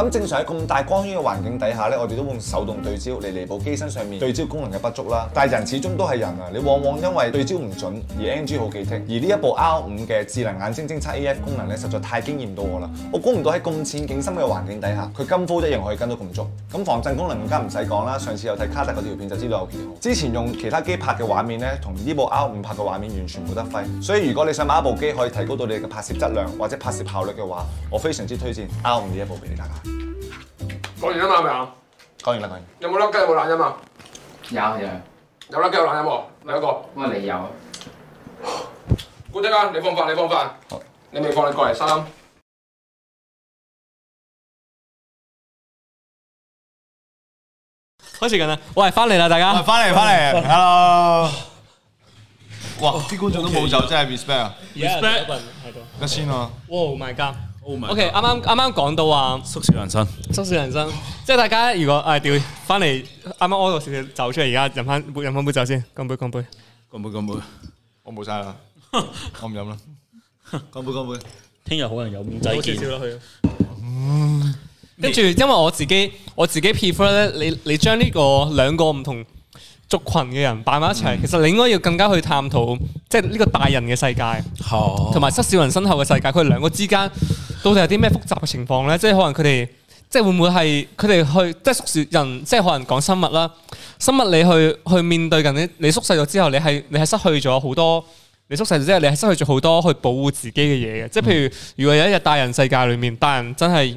咁正常喺咁大光圈嘅環境底下呢，我哋都用手動對焦嚟彌補機身上面對焦功能嘅不足啦。但係人始終都係人啊，你往往因為對焦唔準而 NG 好幾次。而呢一部 R 五嘅智能眼睛偵測 AF 功能呢，實在太驚豔到我啦！我估唔到喺咁淺景深嘅環境底下，佢金科一樣可以跟到咁足。咁防震功能更加唔使講啦，上次有睇卡特嗰條片就知道有幾好。之前用其他機拍嘅畫面呢，同呢部 R 五拍嘅畫面完全冇得揮。所以如果你想買一部機可以提高到你嘅拍攝質量或者拍攝效率嘅話，我非常之推薦 R 五呢一部俾你大講完咗嘛？未啊！講完啦，講完。有冇甩雞？有冇懶音啊？有有。有甩雞有懶音冇？第一個。乜理由？姑姐啊，你放飯，你放飯。你未放，你過嚟收。開始緊啦！喂，翻嚟啦，大家。翻嚟翻嚟。Hello。哇！啲觀眾都冇走，真係 respect。respect。係咯。開心啊！Oh my god！OK，啱啱啱啱講到話，縮小人生，縮小人生，即係大家如果誒調翻嚟，啱啱屙咗少少，剛剛小小走出嚟，而家飲翻飲翻杯酒先，乾杯乾杯，乾杯乾杯，杯，我冇晒啦， (laughs) 我唔飲啦，乾杯乾杯，聽日可能有再見。嗯，跟住因為我自己我自己 prefer 咧，你你將呢個兩個唔同族群嘅人擺埋一齊，嗯、其實你應該要更加去探討，即係呢個大人嘅世界，同埋縮小人生後嘅世界，佢哋兩個之間。到底有啲咩複雜嘅情況呢？即係可能佢哋，即係會唔會係佢哋去，即係縮小人，即係可能講生物啦。生物你去去面對緊你，你縮細咗之後，你係你係失去咗好多。你縮細咗之後，你係失去咗好多去保護自己嘅嘢嘅。即係譬如，如果有一日大人世界裏面，大人真係，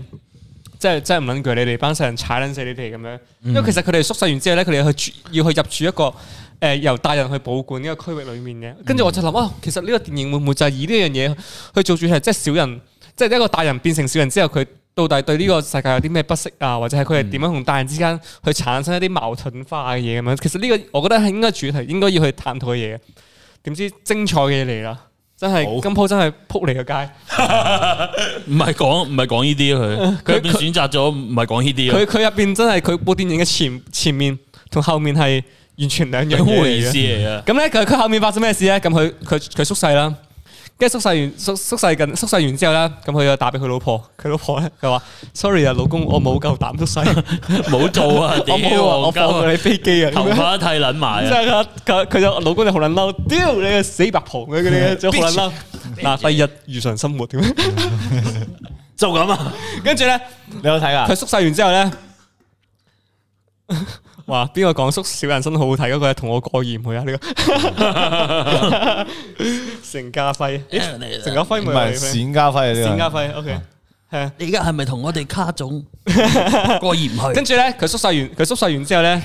即係即係唔捻住你哋班細人踩捻死你哋咁樣。因為其實佢哋縮細完之後呢，佢哋去要去入住一個誒、呃、由大人去保管呢個區域裏面嘅。跟住我就諗啊，其實呢個電影會唔會就係以呢樣嘢去做主題，即係小人？即係一個大人變成小人之後，佢到底對呢個世界有啲咩不適啊？或者係佢係點樣同大人之間去產生一啲矛盾化嘅嘢咁樣？其實呢個我覺得係應該主題，應該要去探討嘅嘢。點知精彩嘅嘢嚟啦！真係今鋪真係撲你個街，唔係講唔係講呢啲佢，佢選擇咗唔係講呢啲。佢佢入邊真係佢部電影嘅前前面同後面係完全兩樣一回事嚟啊！咁咧佢佢後面發生咩事咧？咁佢佢佢縮細啦。即係縮細完，縮縮細緊，縮細完之後咧，咁佢就打俾佢老婆，佢老婆咧佢話：sorry 啊，老公，我冇夠膽縮細，冇 (laughs) 做啊，我冇啊，我放佢喺飛機啊，頭髮太捻埋啦，即係佢佢就老公就好捻嬲，屌你個死白婆嘅嗰啲，就好捻嬲。嗱，第二日如常生活點 (laughs) 啊，就咁啊，跟住咧，你有睇啊？佢縮細完之後咧。 (laughs) 哇！邊個講縮小人生好好睇嗰個，同我過意唔去啊！呢、這個 (laughs) (laughs) 成家輝、欸，成家輝唔係冼家輝嚟嘅，冼家輝 OK 係啊！你而家係咪同我哋卡總過意唔去？跟住咧，佢縮晒完，佢縮晒完之後咧，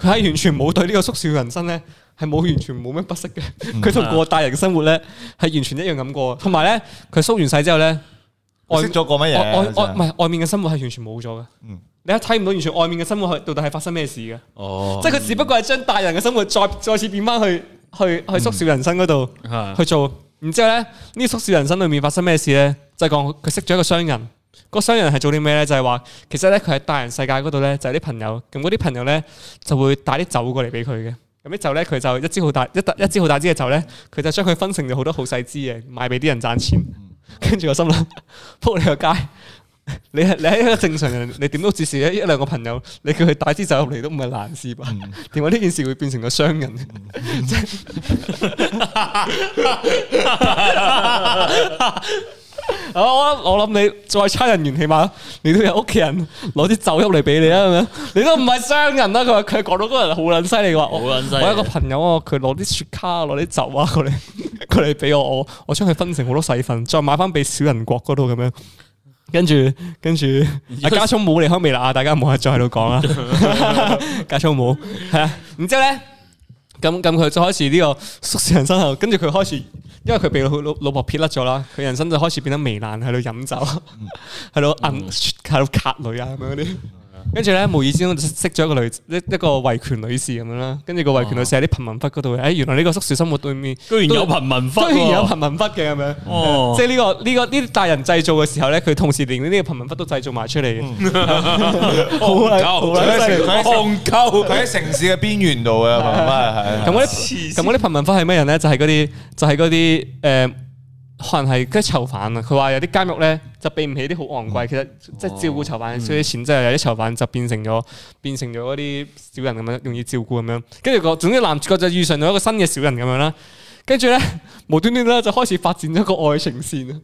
佢係完全冇對呢個縮小人生咧，係冇完全冇咩不適嘅。佢同、嗯、 (laughs) 過大人嘅生活咧，係完全一樣咁過。同埋咧，佢縮完晒之後咧。外咗個乜嘢？外外唔係外面嘅生活係完全冇咗嘅。嗯、你一睇唔到完全外面嘅生活係到底係發生咩事嘅。哦，即係佢只不過係將大人嘅生活再再次變翻去去去縮小人生嗰度，嗯、去做。嗯、然之後咧呢縮、呢個小人生裏面發生咩事咧？就係講佢識咗一個商人。個商人係做啲咩咧？就係、是、話其實咧佢喺大人世界嗰度咧就係、是、啲朋友。咁嗰啲朋友咧就會帶啲酒過嚟俾佢嘅。咁啲酒咧佢就一支好大一一一支好大支嘅酒咧，佢就將佢分成咗好多好細支嘅，賣俾啲人賺錢。跟住我心諗，扑你個街！你係你係一個正常人，你點都只是咧一兩個朋友，你叫佢帶支酒入嚟都唔係難事吧？點解呢件事會變成個傷人？我我諗你再差人員起碼你都有屋企人攞啲酒嚟俾你啊，係咪？你都唔係商人啦。佢佢講到嗰人好撚犀利，我我一個朋友啊，佢攞啲雪卡攞啲酒啊，佢嚟佢嚟俾我，我我將佢分成好多細份，再買翻俾小人國嗰度咁樣。跟住跟住阿家聰冇離開未啦？啊，大家唔好再喺度講啦。 (laughs) 家聰冇係啊，然之後咧。咁咁佢再開始呢、呢個縮小人生後，跟住佢開始，因為佢被老老婆撇甩咗啦，佢人生就開始變得糜爛，喺度飲酒，喺度咯，喺度撻女啊咁樣啲。嗯跟住咧，無意之中就識咗一個女一一個維權女士咁樣啦。跟住個維權女士喺啲貧民窟嗰度，誒、哎，原來呢個宿舍生活對面居然有貧民窟，啊，居然有貧民窟嘅咁樣哦。即係呢個呢、呢個呢大人製造嘅時候咧，佢同時連呢個貧民窟都製造埋出嚟，好搞，好搞，佢喺城市嘅邊緣度嘅，係係咁啲咁嗰啲貧民窟係咩人咧？就係嗰啲就係啲誒。就是可能係嗰啲囚犯啊，佢話有啲監獄咧就避唔起啲好昂貴，哦、其實即係照顧囚犯少啲錢，即係、哦嗯、有啲囚犯就變成咗變成咗嗰啲小人咁樣，容易照顧咁樣。跟住個，總之男主角就遇上咗一個新嘅小人咁樣啦。跟住咧，無端端咧就開始發展咗個愛情線、哦、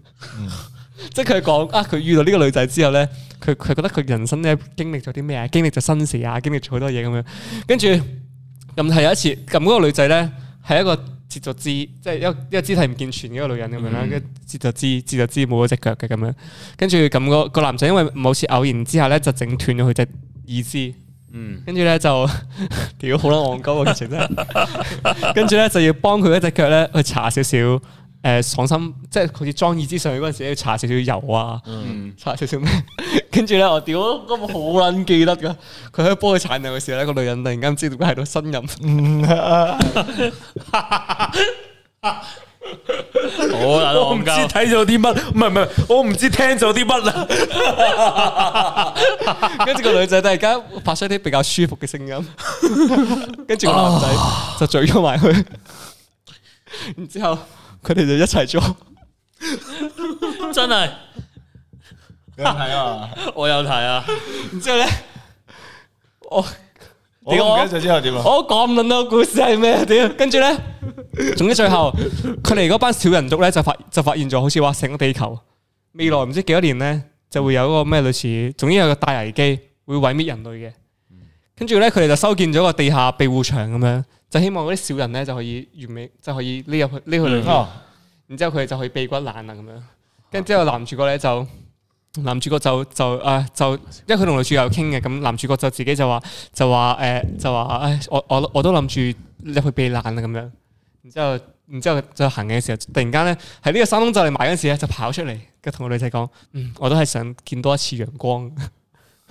(laughs) 啊！即係佢講啊，佢遇到呢個女仔之後咧，佢佢覺得佢人生咧經歷咗啲咩啊？經歷咗生死啊，經歷咗好多嘢咁樣。跟住咁係有一次，咁嗰個女仔咧係一個。.截咗肢，即係一一個肢體唔健全嘅一個女人咁樣啦，跟住截咗肢，截咗肢冇咗隻腳嘅咁樣，跟住咁個個男仔因為某次偶然之下咧，就整斷咗佢隻義肢。嗯，跟住咧就屌，好撚戇鳩嘅劇情真係，跟住咧就要幫佢一隻腳咧去搽少少。誒，爽心即係、就是、好似裝椅子上去嗰陣時，要搽少少油啊，搽少少咩？跟住咧，我屌，我好撚記得噶。佢喺幫佢鏟嘢嘅時候咧，個女人突然間知道佢喺度呻吟。嗯 (laughs) 的 (laughs) 我唔知睇咗啲乜，唔係唔係，我唔知聽咗啲乜啦。 (laughs) (laughs) (laughs) 跟住個女仔突然間發出一啲比較舒服嘅聲音， (laughs) 跟住個男仔就嘴咗埋去， (laughs) 然之後。佢哋就一齊做 (laughs) 真的，真係，有睇啊！ (laughs) 我有睇看啊！然 (laughs) (laughs) 之後咧， (laughs) 我我唔記得咗之後點啊！我講唔到個故事係咩？屌， (laughs) 跟住咧，總之最後佢哋嗰班小人族咧就發就發現咗，好似話成個地球未來唔知幾多年咧，就會有一個咩類似，總之有個大危機會毀滅人類嘅。跟住咧，佢哋就修建咗個地下庇護牆咁樣，就希望嗰啲小人咧就可以完美，就可以匿入去匿去裏邊。嗯、然之後佢哋就可以避骨冷啦咁樣。跟住之後男主角咧就男主角就就啊就、呃、就，因為佢同女主角傾嘅，咁男主角就自己就話就話誒、呃、就話誒、哎，我我我都諗住入去避冷啦咁樣。然之後然之後就行嘅時候，突然間咧喺呢個山窿就嚟埋嗰陣時咧，就跑出嚟，跟住同個女仔講：嗯，我都係想見多一次陽光。 (laughs)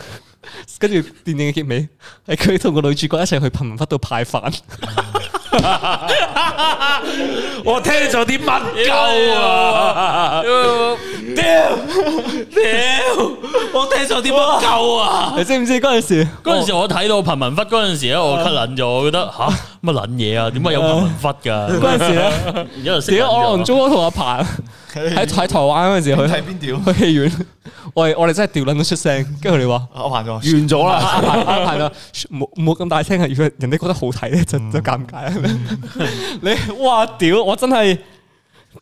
跟住電影嘅結尾，係佢同個女主角一齊去貧民窟度派飯。我聽咗啲乜鳩啊！屌屌，我聽咗啲乜鳩啊！你知唔知嗰陣時？嗰陣時我睇到貧民窟嗰陣時咧，我咳撚咗，我覺得吓乜撚嘢啊？點解有貧民窟噶？嗰陣時咧，而家識阿阿 Jo 哥同阿排。喺喺台灣嗰陣時佢喺邊屌？去戲院，我我哋真係屌捻到出聲，跟住你話我完咗完咗啦，係啦了，冇冇咁大聲啊，如果人哋覺得好睇咧，就就尷尬。嗯、 (laughs) 你哇屌，我真係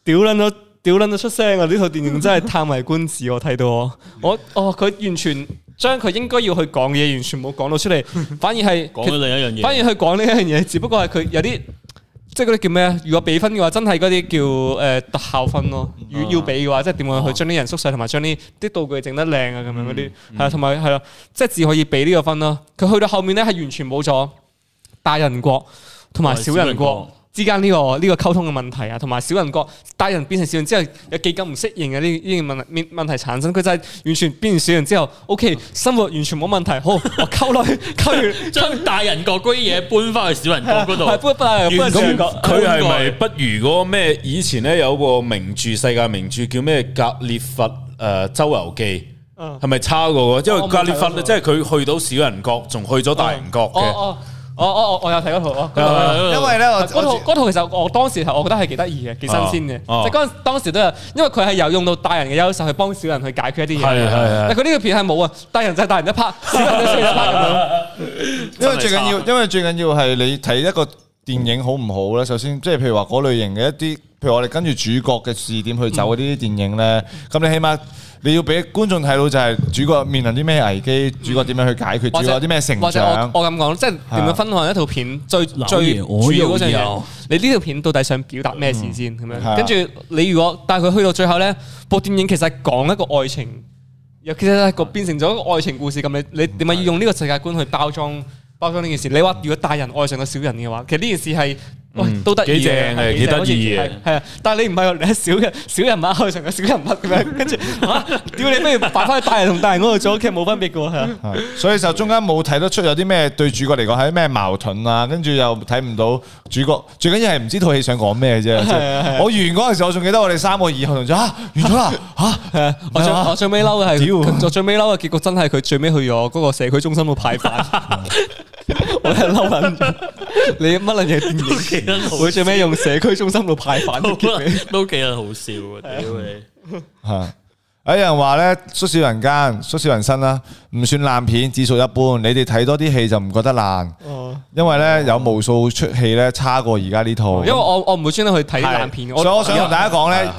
屌捻到屌捻到出聲啊！呢套電影真係嘆為觀止，我睇到我，我哦，佢完全將佢應該要去講嘢，完全冇講到出嚟，反而係講咗另一樣嘢，反而去講呢一樣嘢，只不過係佢有啲。即係嗰啲叫咩啊？如果俾分嘅話，真係嗰啲叫誒、呃、特效分咯。如要要俾嘅話，啊、即係點樣去將啲人縮細，同埋將啲啲道具整得靚啊！咁樣嗰啲係啊，同埋係咯，即係只可以俾呢個分啦。佢去到後面咧，係完全冇咗大人國同埋小人國。之間呢個呢個溝通嘅問題啊，同埋小人國大人變成小人之後有幾咁唔適應嘅呢呢個問問題產生？佢就係完全變成小人之後，OK，生活完全冇問題。好，我溝女溝完，將 (laughs) 大人國嗰啲嘢搬翻去小人國嗰度， (laughs) 搬翻。小人國，佢係咪不如嗰咩？以前咧有個名著，世界名著叫咩？《格列佛》誒、呃，《周遊記》係咪差過、那個？嗯、因為《格列佛》那個、即係佢去到小人國，仲去咗大人國嘅。嗯哦哦我我我有睇嗰套，因為咧嗰套套其實我當時係我覺得係幾得意嘅，幾新鮮嘅。即係嗰陣當時都有，因為佢係有用到大人嘅優勢去幫小人去解決一啲嘢。係係係。但係佢呢個片係冇啊，大人就係大人一 part，小人就衰一 part 咁樣。因為最緊要，因為最緊要係你睇一個電影好唔好咧？首先，即係譬如話嗰類型嘅一啲，譬如我哋跟住主角嘅視點去走嗰啲電影咧，咁你起碼。你要俾觀眾睇到就係主角面臨啲咩危機，嗯、主角點樣去解決，或者有啲咩成長。或者我我咁講，即係點樣分享一套片最爺最主要嗰樣嘢。有你呢條片到底想表達咩事先？咁樣跟住你如果帶佢去到最後咧，部電影其實講一個愛情，又其實個變成咗一個愛情故事咁。你你點解要用呢個世界觀去包裝包裝呢件事？你話如果大人愛上個小人嘅話，其實呢件事係。都得意，幾正嘅，幾得意係啊！但係你唔係，你係小人，小人物去成個小人物咁樣，跟住吓，屌你不如擺翻去大人同大人嗰度做，早期冇分別嘅，所以就中間冇睇得出有啲咩對主角嚟講係咩矛盾啊，跟住又睇唔到主角最緊要係唔知套戲想講咩啫。我完嗰陣時我仲記得我哋三個二號同咗吓完咗啦，我最尾最尾嬲嘅係屌，最尾嬲嘅結局真係佢最尾去咗嗰個社區中心度派飯，我係嬲緊你乜撚嘢電影？佢 (music) 最尾用社區中心度派飯， (laughs) 都幾好笑。屌你 (laughs) 吓有人話咧，縮小人間，縮小人生啦，唔算爛片，指數一般。你哋睇多啲戲就唔覺得爛，因為咧有無數出戲咧差過而家呢套。因為我我唔會專登去睇爛片。所以我想同大家講咧，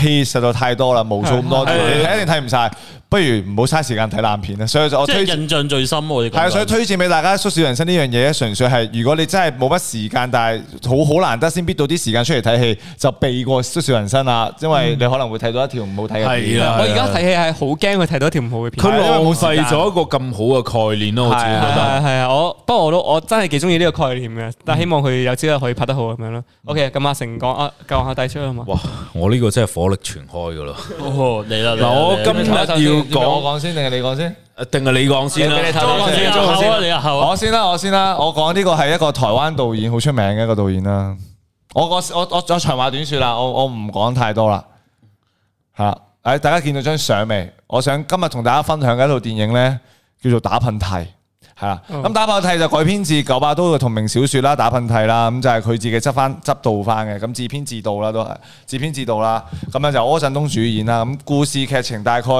戲實在太多啦，無數咁多，你一定睇唔晒。不如唔好嘥時間睇爛片啦，所以就我推即印象最深我、啊、所以我推薦俾大家《縮小人生》呢樣嘢，純粹係如果你真係冇乜時間，但係好好難得先逼到啲時間出嚟睇戲，就避過《縮小人生》啊，因為你可能會睇到一條唔好睇嘅片。的啊、我而家睇戲係好驚去睇到一條唔好嘅片，佢浪費咗一個咁好嘅概念咯。的我自己覺得係啊，我不過我都我真係幾中意呢個概念嘅，但係希望佢有朝一日可以拍得好咁、嗯、樣咯。OK，咁阿成哥啊，夠下底出嚟啊嘛。哇！我呢個真係火力全開噶啦。嚟啦、哦，嗱我今日要。我講先定係你講先？定係你講先啦、啊啊！我先啦，我先啦，我講呢個係一個台灣導演，好出名嘅一個導演啦。我我我我長話短說啦，我我唔講太多啦。吓，誒，大家見到張相未？我想今日同大家分享嘅一套電影咧，叫做《打噴嚏》。係啦，咁打噴嚏就改編自九把刀嘅同名小說啦，打噴嚏啦，咁就係佢自己執翻執導翻嘅，咁自編自導啦，都係自編自導啦，咁樣就柯震東主演啦，咁故事劇情大概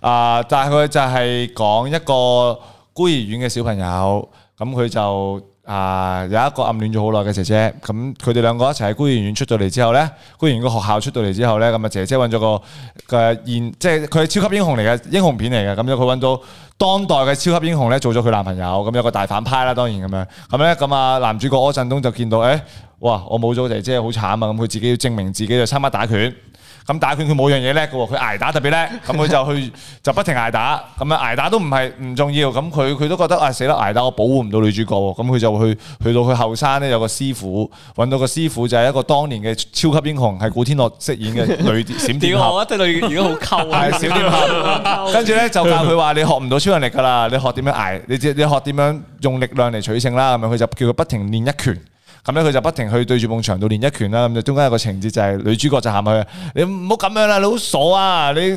啊、呃，大概就係講一個孤兒院嘅小朋友，咁佢就。啊，有一個暗戀咗好耐嘅姐姐，咁佢哋兩個一齊喺孤兒院出到嚟之後呢，孤兒院個學校出到嚟之後呢，咁啊姐姐揾咗個嘅、啊、現，即係佢係超級英雄嚟嘅，英雄片嚟嘅，咁樣佢揾到當代嘅超級英雄呢，做咗佢男朋友，咁有個大反派啦，當然咁樣，咁咧咁啊男主角柯震東就見到，誒、欸，哇，我冇咗姐姐好慘啊，咁佢自己要證明自己就參加打拳。咁打拳佢冇樣嘢叻嘅喎，佢挨打特別叻，咁佢就去就不停挨打，咁樣挨打都唔係唔重要，咁佢佢都覺得啊死啦挨打我保護唔到女主角喎，咁佢就去去到佢後山咧有個師傅揾到個師傅就係一個當年嘅超級英雄係古天樂飾演嘅女，閃電俠，屌 (laughs) 我女而家好溝啊，閃 (laughs) 電俠，跟住咧就教佢話你學唔到超能力噶啦，你學點樣挨，你學捱你學點樣用力量嚟取勝啦，咁樣佢就叫佢不停練一拳。咁咧佢就不停去對住埲牆度練一拳啦，咁就中間有個情節就係女主角就喊佢：你唔好咁樣啦，你好傻啊！你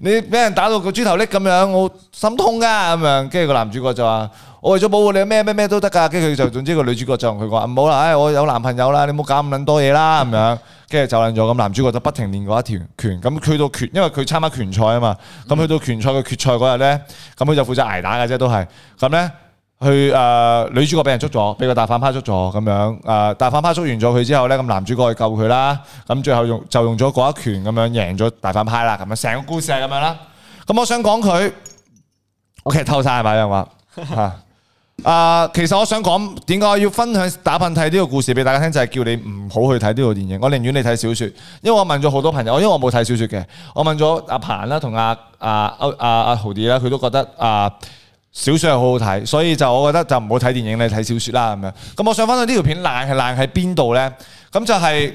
你俾人打到個豬頭笠咁樣，我心痛噶咁樣。跟住個男主角就話：我為咗保護你，咩咩咩都得噶。跟住就總之個女主角就同佢講：唔好啦，我有男朋友啦，你唔好搞咁捻多嘢啦。咁樣跟住就捻咗。咁男主角就不停練嗰一拳拳。咁去到拳，因為佢參加拳賽啊嘛。咁去到拳賽嘅決賽嗰日咧，咁佢就負責捱打嘅啫，都係咁咧。去誒、呃，女主角俾人捉咗，俾個大反派捉咗咁樣誒、呃，大反派捉完咗佢之後咧，咁男主角去救佢啦，咁最後用就用咗嗰一拳咁樣贏咗大反派啦，咁樣成個故事係咁樣啦。咁我想講佢，我其實透晒係嘛樣話吓誒，其實我想講點解我要分享《打噴嚏》呢個故事俾大家聽，就係、是、叫你唔好去睇呢個電影，我寧願你睇小說，因為我問咗好多朋友，因為我冇睇小說嘅，我問咗阿鵬啦同阿阿歐阿，阿，阿，阿，阿豪弟啦，佢都覺得啊。小説係好好睇，所以就我覺得就唔好睇電影，你睇小説啦咁樣。咁我想翻到呢條片爛係爛喺邊度呢？咁就係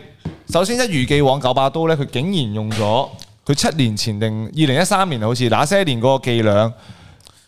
首先一如既往九，九把刀呢，佢竟然用咗佢七年前定二零一三年好似那些年嗰個伎倆，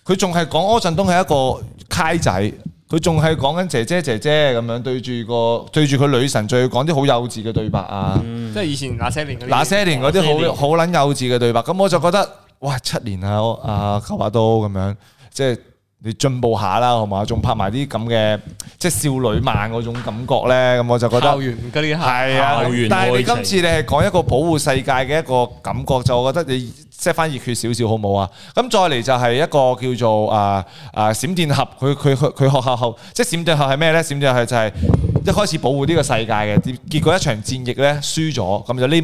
佢仲係講柯震東係一個閪仔，佢仲係講緊姐姐姐姐咁樣對住個對住佢女神，仲要講啲好幼稚嘅對白啊！嗯、即係以前那些年嗰啲那些年啲好好撚幼稚嘅對白，咁我就覺得哇七年啊，阿九把刀咁樣。即係你進步下啦，好嘛？仲拍埋啲咁嘅，即係少女漫嗰種感覺咧，咁我就覺得係啊。的但係你今次你係講一個保護世界嘅一個感覺，嗯、就我覺得你即係翻熱血少少好唔好啊？咁再嚟就係一個叫做啊啊閃電俠，佢佢佢學校後，即係閃電俠係咩咧？閃電俠就係一開始保護呢個世界嘅，結果一場戰役咧輸咗，咁就呢。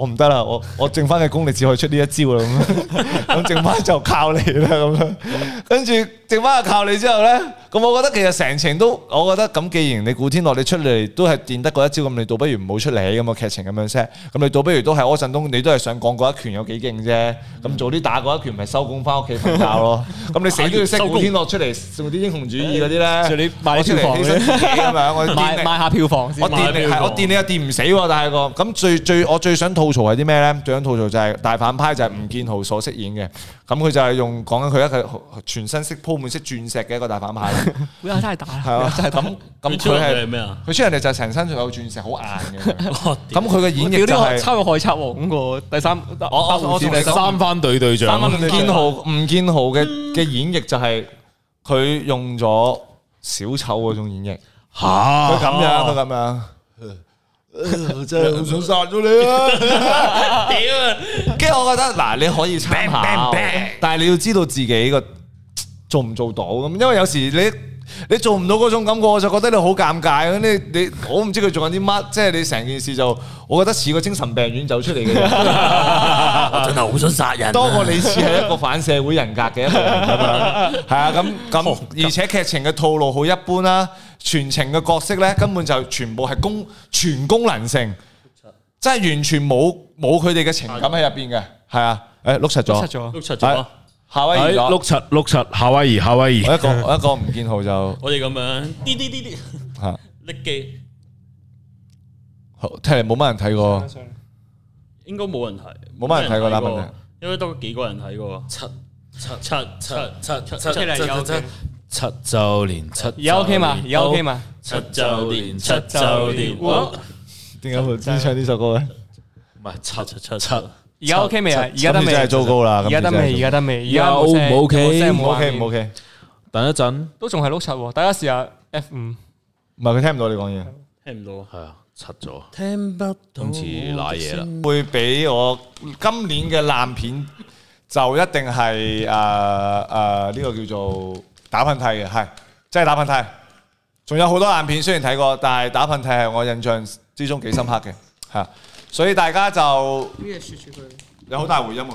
我唔得啦，我我剩翻嘅功力只可以出呢一招啦，咁 (laughs) 咁剩翻就靠你啦，咁樣跟住剩翻就， (laughs) 就靠你之後咧，咁我覺得其實成程都，我覺得咁既然你古天樂你出嚟都係掂得過一招，咁你倒不如唔好出嚟咁嘅劇情咁樣啫，咁你倒不如都係柯震東，你都係想講嗰一拳有幾勁啫，咁早啲打嗰一拳咪、就是、收工翻屋企瞓覺咯，咁 (laughs) 你死都要識古天樂出嚟做啲英雄主義嗰啲咧，你啲賣出嚟，我啲，賣賣下票房先，我掂你係我掂你又掂唔死喎，但係個咁最最我最想吐。吐槽係啲咩咧？最緊要吐槽就係大反派，就係吳建豪所飾演嘅。咁佢就係用講緊佢一個全身式鋪滿式鑽石嘅一個大反派。哇，真係大，真係咁。咁佢係咩啊？佢出人哋就成身仲有鑽石，好硬嘅。咁佢嘅演繹就係差過海賊王咁個第三。我三番隊隊長。吳建豪吳建豪嘅嘅演繹就係佢用咗小丑嗰種演繹。吓，咁樣，咁樣。 (laughs) 真係好想殺咗你啊！屌，跟住我覺得嗱，你可以抄下， (laughs) 但係你要知道自己，這個做唔做到咁，因為有時你你做唔到嗰種感覺，我就覺得你好尷尬。你你我唔知佢做緊啲乜，即係你成件事就，我覺得似個精神病院走出嚟嘅，真係好想殺人啊。多過你似係一個反社會人格嘅，人、 (laughs) 嗯。係啊咁咁，嗯、而且劇情嘅套路好一般啦。全程嘅角色咧，根本就全部係功全功能性，即係完全冇冇佢哋嘅情感喺入邊嘅，係啊，誒，碌柒咗，係夏威夷咯，碌柒碌柒夏威夷夏威夷，一個一個吳建豪就我哋咁樣，啲啲啲啲，吓，力記好，睇嚟冇乜人睇過，應該冇人睇，冇乜人睇過，因為都幾個人睇過，七七七七七七七七七。七周年，而家 OK 嘛？七周年，七周年，點解冇知唱呢首歌咧？唔係七七七七，而家 OK 未啊？而家得未？真係糟糕啦！而家得未？而家得未？而家 O 唔 OK？真唔 OK 唔 OK。等一陣，都仲係碌七。大家試下 F 五，唔係佢聽唔到你講嘢，聽唔到係啊，七咗，聽唔到，好似瀨嘢啦。會俾我今年嘅爛片就一定係誒誒呢個叫做。打噴嚏嘅，係真係打噴嚏，仲有好多爛片，雖然睇過，但係打噴嚏係我印象之中幾深刻嘅，嚇。所以大家就咩説住佢，有好大回音喎。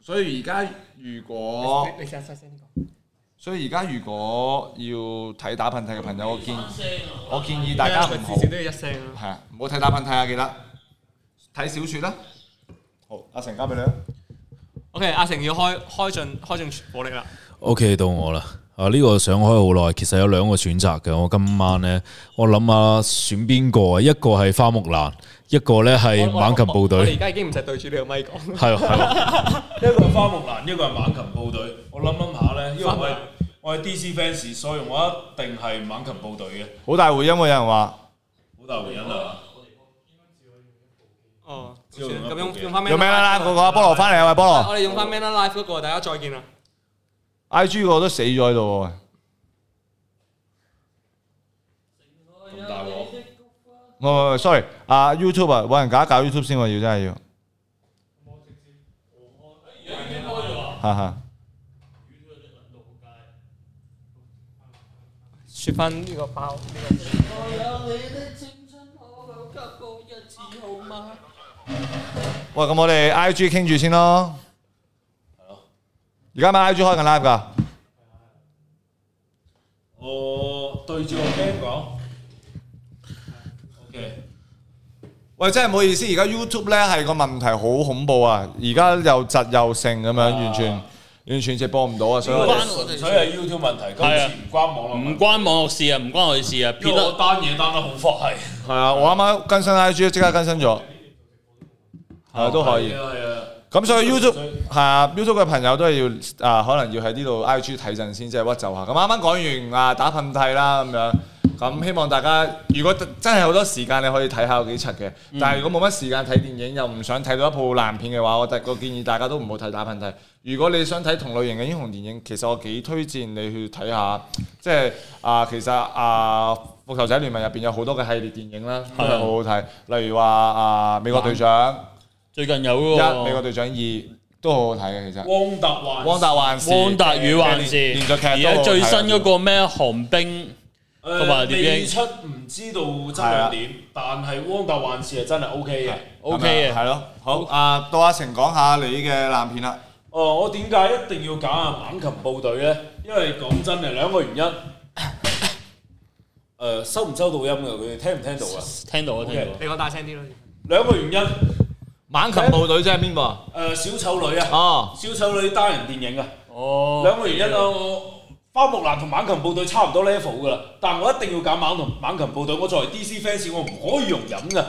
所以而家如果，所以而家如果要睇打噴嚏嘅朋友，我建議、嗯嗯、我建議大家都唔好，係啊，唔好睇打噴嚏啊，記得睇小説啦。好，阿成交俾你。OK，阿成要開開盡開盡火力啦。O、okay, K 到我啦！啊呢、這個想開好耐，其實有兩個選擇嘅。我今晚咧，我諗下選邊個啊？一個係花木蘭，一個咧係猛禽部隊。你而家已經唔使對住你個咪講。係係。一個係花木蘭，一個係猛禽部隊。我諗諗下咧，因為我係我係 D C fans，所以我一定係猛禽部隊嘅。好大回音，我有人話。好大回音啊！我我應該用哦，咁樣用翻咩啦？用咩啦？嗰個菠蘿翻嚟啊？菠羅，我哋用翻咩啦？Manner Life 個，大家再見啊！IG 個都死咗咯喎！喂，大鑊，sorry 啊，YouTube 啊，揾、哦哎、人搞一搞 YouTube 先，我要真係要。哈哈。説翻呢個包。喂、這個，咁我哋 IG 傾住先咯。而家咪 I G 開緊 live 噶？我對住個鏡講。O K。喂，真係唔好意思，而家 YouTube 咧係個問題好恐怖啊！而家又疾又盛咁樣，完全完全直播唔到啊！所以所以係 YouTube 問題，係啊，唔關網絡，唔關網絡事啊，唔關我哋事啊。我單嘢單得好快。係啊，我啱啱更新 I G，即刻更新咗。係啊，都可以。咁所以 YouTube。係啊，YouTube 嘅朋友都係要啊，可能要喺呢度 I G 睇陣先，即係屈就下。咁啱啱講完啊，打噴嚏啦咁樣，咁希望大家如果真係好多時間，你可以睇下有幾出嘅。但係如果冇乜時間睇電影，又唔想睇到一部爛片嘅話，我個建議大家都唔好睇打噴嚏。如果你想睇同類型嘅英雄電影，其實我幾推薦你去睇下，即係啊，其實啊，復仇者聯盟入邊有好多嘅系列電影啦，係好好睇。的例如話啊，美國隊長最近有、那個、一美國隊長二。都好好睇嘅，其實。汪達幻汪達幻視，汪達與幻視連續劇，而家最新嗰個咩寒冰同埋碟冰。未出唔知道質量點，但係汪達幻視係真係 O K 嘅，O K 嘅，係咯。好，阿杜阿成講下你嘅爛片啦。哦，我點解一定要揀《猛禽部隊》咧？因為講真嘅，兩個原因。誒，收唔收到音嘅？佢哋聽唔聽到啊？聽到啊，聽到。你講大聲啲啦。兩個原因。猛禽部隊即係邊個誒，小丑女啊！哦、啊，小丑女單人電影啊！哦，兩個原因啊的，花木蘭同猛禽部隊差唔多 level 噶啦，但係我一定要揀猛同猛禽部隊。我作為 DC fans，我唔可以容忍噶。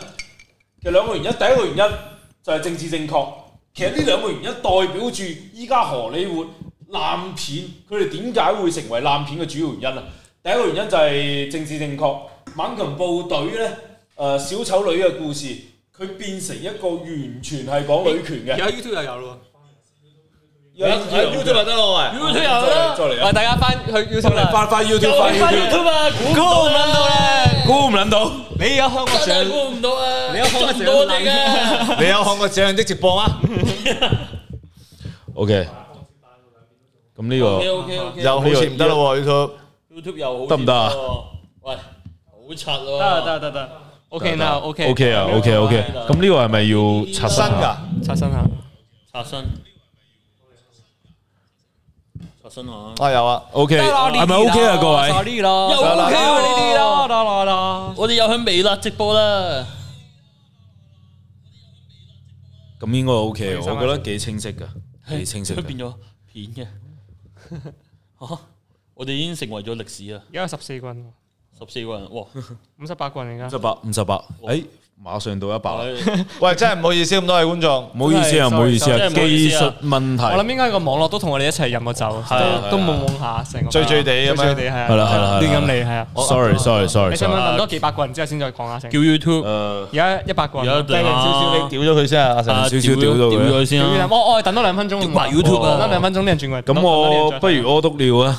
其實兩個原因，第一個原因就係政治正確。其實呢兩個原因代表住依家荷里活爛片，佢哋點解會成為爛片嘅主要原因啊？第一個原因就係政治正確。猛禽部隊呢，誒、呃，小丑女嘅故事。佢變成一個完全係講女權嘅。而家 YouTube 又有咯喎，喺 YouTube 得咯喎，YouTube 又有啦。再嚟啊！喂，大家翻去 YouTube 嚟翻翻 YouTube，翻 YouTube 嘛？估唔撚到咧，估唔撚到。你而家香港估唔到啊！你而家看我上我哋嘅，你有看我上啲直播嗎？OK。咁呢個又呢個唔得咯喎，YouTube，YouTube 又好唔得啊！喂，好柒咯！得得得得。O K now O K O K 啊 O K 啊 O K，咁呢個係咪要刷新啊？新噶，刷新下，刷新，刷新啊！啊有啊，O K，係咪 O K 啊各位？有啦，呢啲啦，有啦，呢啲啦，啦啦啦！我哋又喺微辣直播啦。咁應該 O K，我覺得幾清晰噶，幾清晰。佢變咗片嘅，吓！我哋已經成為咗歷史啦。而家十四棍。十四個人，哇，五十八個人而家，七百五十八，誒，馬上到一百，喂，真係唔好意思咁多位觀眾，唔好意思啊，唔好意思啊，技術問題，我諗應該個網絡都同我哋一齊飲個酒，都都懵懵下，成醉醉地咁，醉醉地係啊，係啦係啦，亂咁嚟係啊，sorry sorry sorry，你再等多幾百個人之後先再講下先，叫 YouTube，而家一百個人，少少你屌咗佢先啊，少少屌咗佢，屌咗佢先，我我等多兩分鐘，白 YouTube，等兩分鐘你轉埋，咁我不如屙篤尿啊。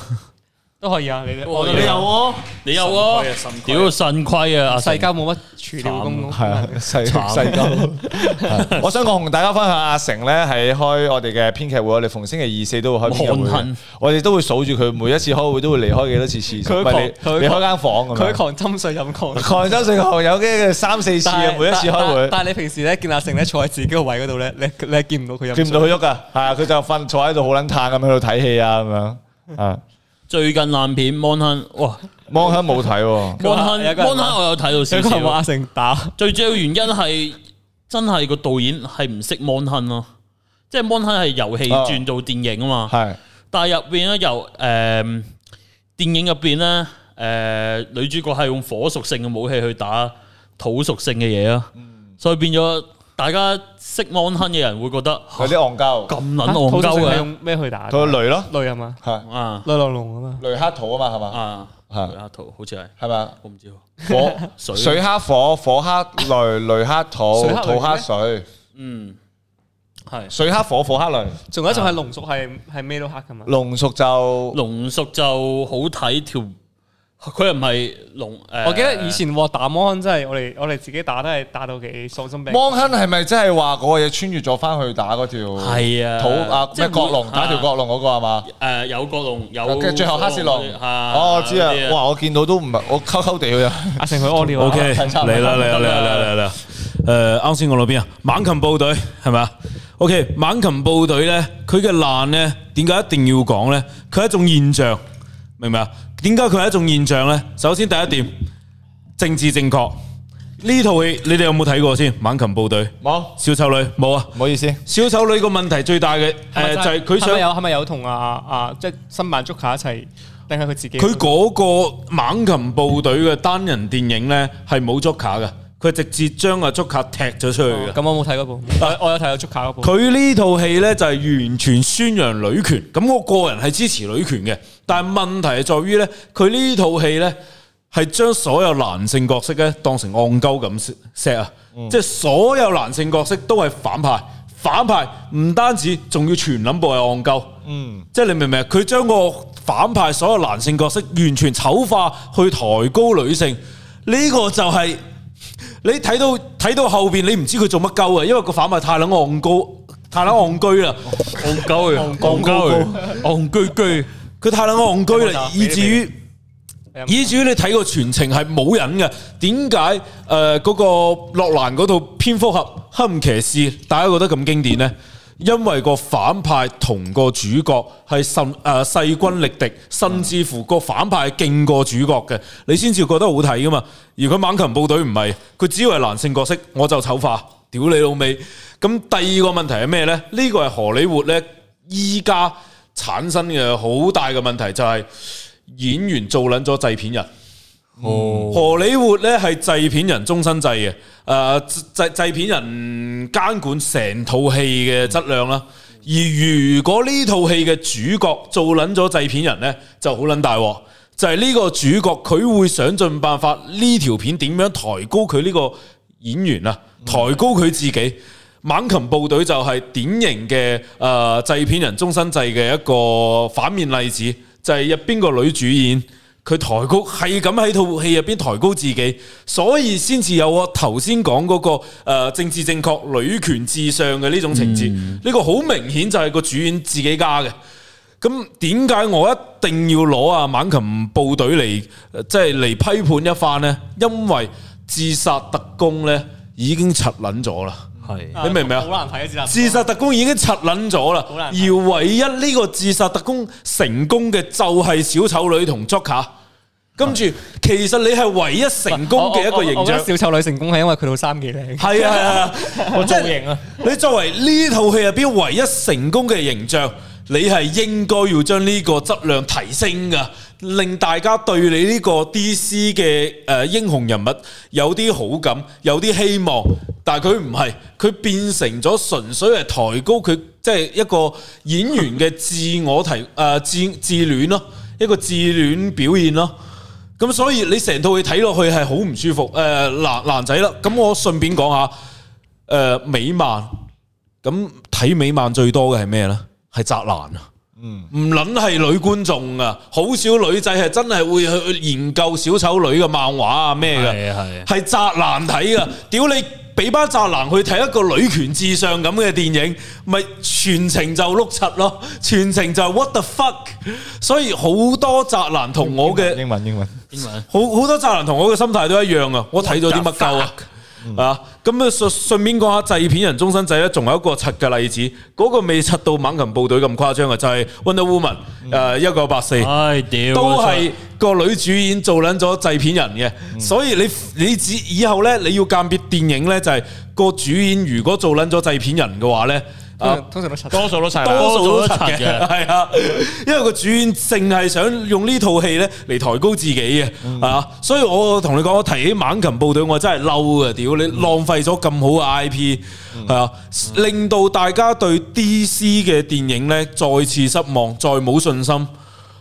都可以啊，你咧，我哋你有喎，你有喎，屌腎虧啊！啊，世交冇乜處理係啊，世交。我想講同大家分享阿成咧，係開我哋嘅編劇會，我哋逢星期二四都會開編劇會，我哋都會數住佢每一次開會都會離開幾多次廁所，佢開佢開間房咁佢狂斟水飲，狂狂斟水狂有幾三四次啊，每一次開會。但係你平時咧見阿成咧坐喺自己個位嗰度咧，你你見唔到佢飲？見唔到佢喐噶，係啊，佢就瞓坐喺度好撚嘆咁喺度睇戲啊咁樣啊。最近爛片《芒亨》哇，《芒亨》冇睇，啊， (laughs) 《芒亨 (laughs) 》我有睇到少少。打 (laughs) 最主要原因係真係，個導演係唔識《芒亨》咯，啊，即係《芒亨》係遊戲轉做電影啊嘛。係，哦，但係入邊咧由誒，呃，電影入邊咧誒，女主角係用火屬性嘅武器去打土屬性嘅嘢咯，嗯，所以變咗。大家識 mon 坑嘅人會覺得有啲戇鳩，咁撚戇鳩嘅。用咩去打？佢雷咯，雷係嘛，係啊，雷龍龍啊嘛，雷黑土啊嘛，係嘛，啊，係。雷黑土好似係，係嘛？我唔知喎。火水黑火，火黑雷，雷黑土，土黑水。嗯，係水黑火，火黑雷。仲有一種係龍屬，係係咩都黑噶嘛？龍屬就龍屬就好睇條佢又唔係龍誒，我記得以前打摩亨真係我哋我哋自己打都係打到幾喪心病。摩亨係咪真係話嗰個嘢，穿越咗翻去打嗰條，係啊土啊，即係角龍，打條角龍嗰個係嘛？誒，有角龍有，即係最後黑色龍啊！我知啊，哇！我見到都唔係我摳摳地去啊。阿成佢屙尿。O K 嚟啦嚟啦你啦嚟啦嚟啦！誒，啱先講到邊啊？猛禽部隊係咪？O K，猛禽部隊咧，佢嘅爛咧，點解一定要講咧？佢係一種現象，明唔明啊？點解佢係一種現象呢？首先第一點，政治正確呢套戲，你哋有冇睇過先？猛禽部隊冇，沒小丑女冇啊，唔好意思。小丑女個問題最大嘅，誒、呃、就係、是、佢想有係咪有同阿阿即係新曼祖卡一齊，定係佢自己？佢嗰個猛禽部隊嘅單人電影呢，係冇祖卡嘅。佢直接將阿竹卡踢咗出去嘅。咁，哦，我冇睇嗰部 (laughs) 我。我有睇阿竹卡嗰部。佢呢套戲呢，就係、是、完全宣揚女權。咁我個人係支持女權嘅。但係問題係在於呢。佢呢套戲呢，係將所有男性角色呢，當成戇鳩咁 set 啊，嗯、即係所有男性角色都係反派，反派唔單止仲要全諗部係戇鳩。嗯。即係你明唔明啊？佢將個反派所有男性角色完全醜化，去抬高女性。呢，這個就係、是。你睇到睇到後邊，你唔知佢做乜鳩啊！因為個反派太捻戇高、太捻戇居啦，戇鳩啊，戇鳩戇居居，佢太捻戇居啦，以至於以至於你睇個全程係冇人嘅。點解誒嗰個諾蘭嗰套蝙蝠俠黑暗騎士，大家覺得咁經典咧？因為個反派同個主角係甚誒勢均力敵，甚至乎個反派係勁過主角嘅，你先至覺得好睇噶嘛。而佢猛禽部隊唔係，佢只要係男性角色，我就醜化，屌你老味。咁第二個問題係咩呢？呢個係荷里活呢？依家產生嘅好大嘅問題就係、係、演員做捻咗製片人。哦，嗯、荷里活咧係製片人終身制嘅，誒製製片人監管成套戲嘅質量啦。嗯、而如果呢套戲嘅主角做撚咗製片人呢，就好撚大鑊。就係、是、呢個主角，佢會想盡辦法呢條片點樣抬高佢呢個演員啊，嗯、抬高佢自己。猛禽部隊就係、是、典型嘅誒製片人終身制嘅一個反面例子，就係、是、入邊個女主演。佢抬高係咁喺套戲入邊抬高自己，所以先至有我頭先講嗰個誒、呃、政治正確、女權至上嘅呢種情節。呢、嗯、個好明顯就係個主演自己加嘅。咁點解我一定要攞啊猛禽部隊嚟即係嚟批判一番呢？因為自殺特工呢已經柒撚咗啦。係，是你明唔明啊？好難睇啊！自殺特工已經柒捻咗啦，而唯一呢個自殺特工成功嘅就係小丑女同 Joker。跟住，其實你係唯一成功嘅一個形象。小丑女成功係因為佢好三幾靚。係啊係啊， (laughs) 啊我型啊！你作為呢套戲入邊唯一成功嘅形象，你係應該要將呢個質量提升噶。令大家對你呢個 DC 嘅誒、呃、英雄人物有啲好感，有啲希望，但係佢唔係，佢變成咗純粹係抬高佢，即、就、係、是、一個演員嘅自我提誒、呃、自自戀咯，一個自戀表現咯。咁所以你成套戲睇落去係好唔舒服。誒、呃、男男仔啦，咁我順便講下，誒、呃、美漫，咁睇美漫最多嘅係咩呢？係宅男啊！唔唔卵係女觀眾啊，好少女仔係真係會去研究小丑女嘅漫畫啊咩嘅，係宅男睇㗎。屌 (laughs) 你俾班宅男去睇一個女權至上咁嘅電影，咪全程就碌柒咯，全程就 what the fuck。所以好多宅男同我嘅英文英文英文，英文英文好好多宅男同我嘅心態都一樣啊。我睇咗啲乜鳩啊？嗯、啊！咁啊，順順便講下製片人終身制咧，仲有一個柒嘅例子，嗰、那個未柒到猛禽部隊咁誇張嘅，就係、是、Wonder Woman，誒一九八四，都係個女主演做撚咗製片人嘅，嗯、所以你你自以後咧，你要鑑別電影咧，就係、是、個主演如果做撚咗製片人嘅話咧。通常,通常都多數都差，多數都差嘅，係啊的，因為個主演淨係想用呢套戲咧嚟抬高自己嘅，啊、嗯，所以我同你講，我提起猛禽部隊，我真係嬲啊！屌、嗯、你浪費 IP,、嗯，浪費咗咁好嘅 I P，係啊，令到大家對 D C 嘅電影咧再次失望，再冇信心，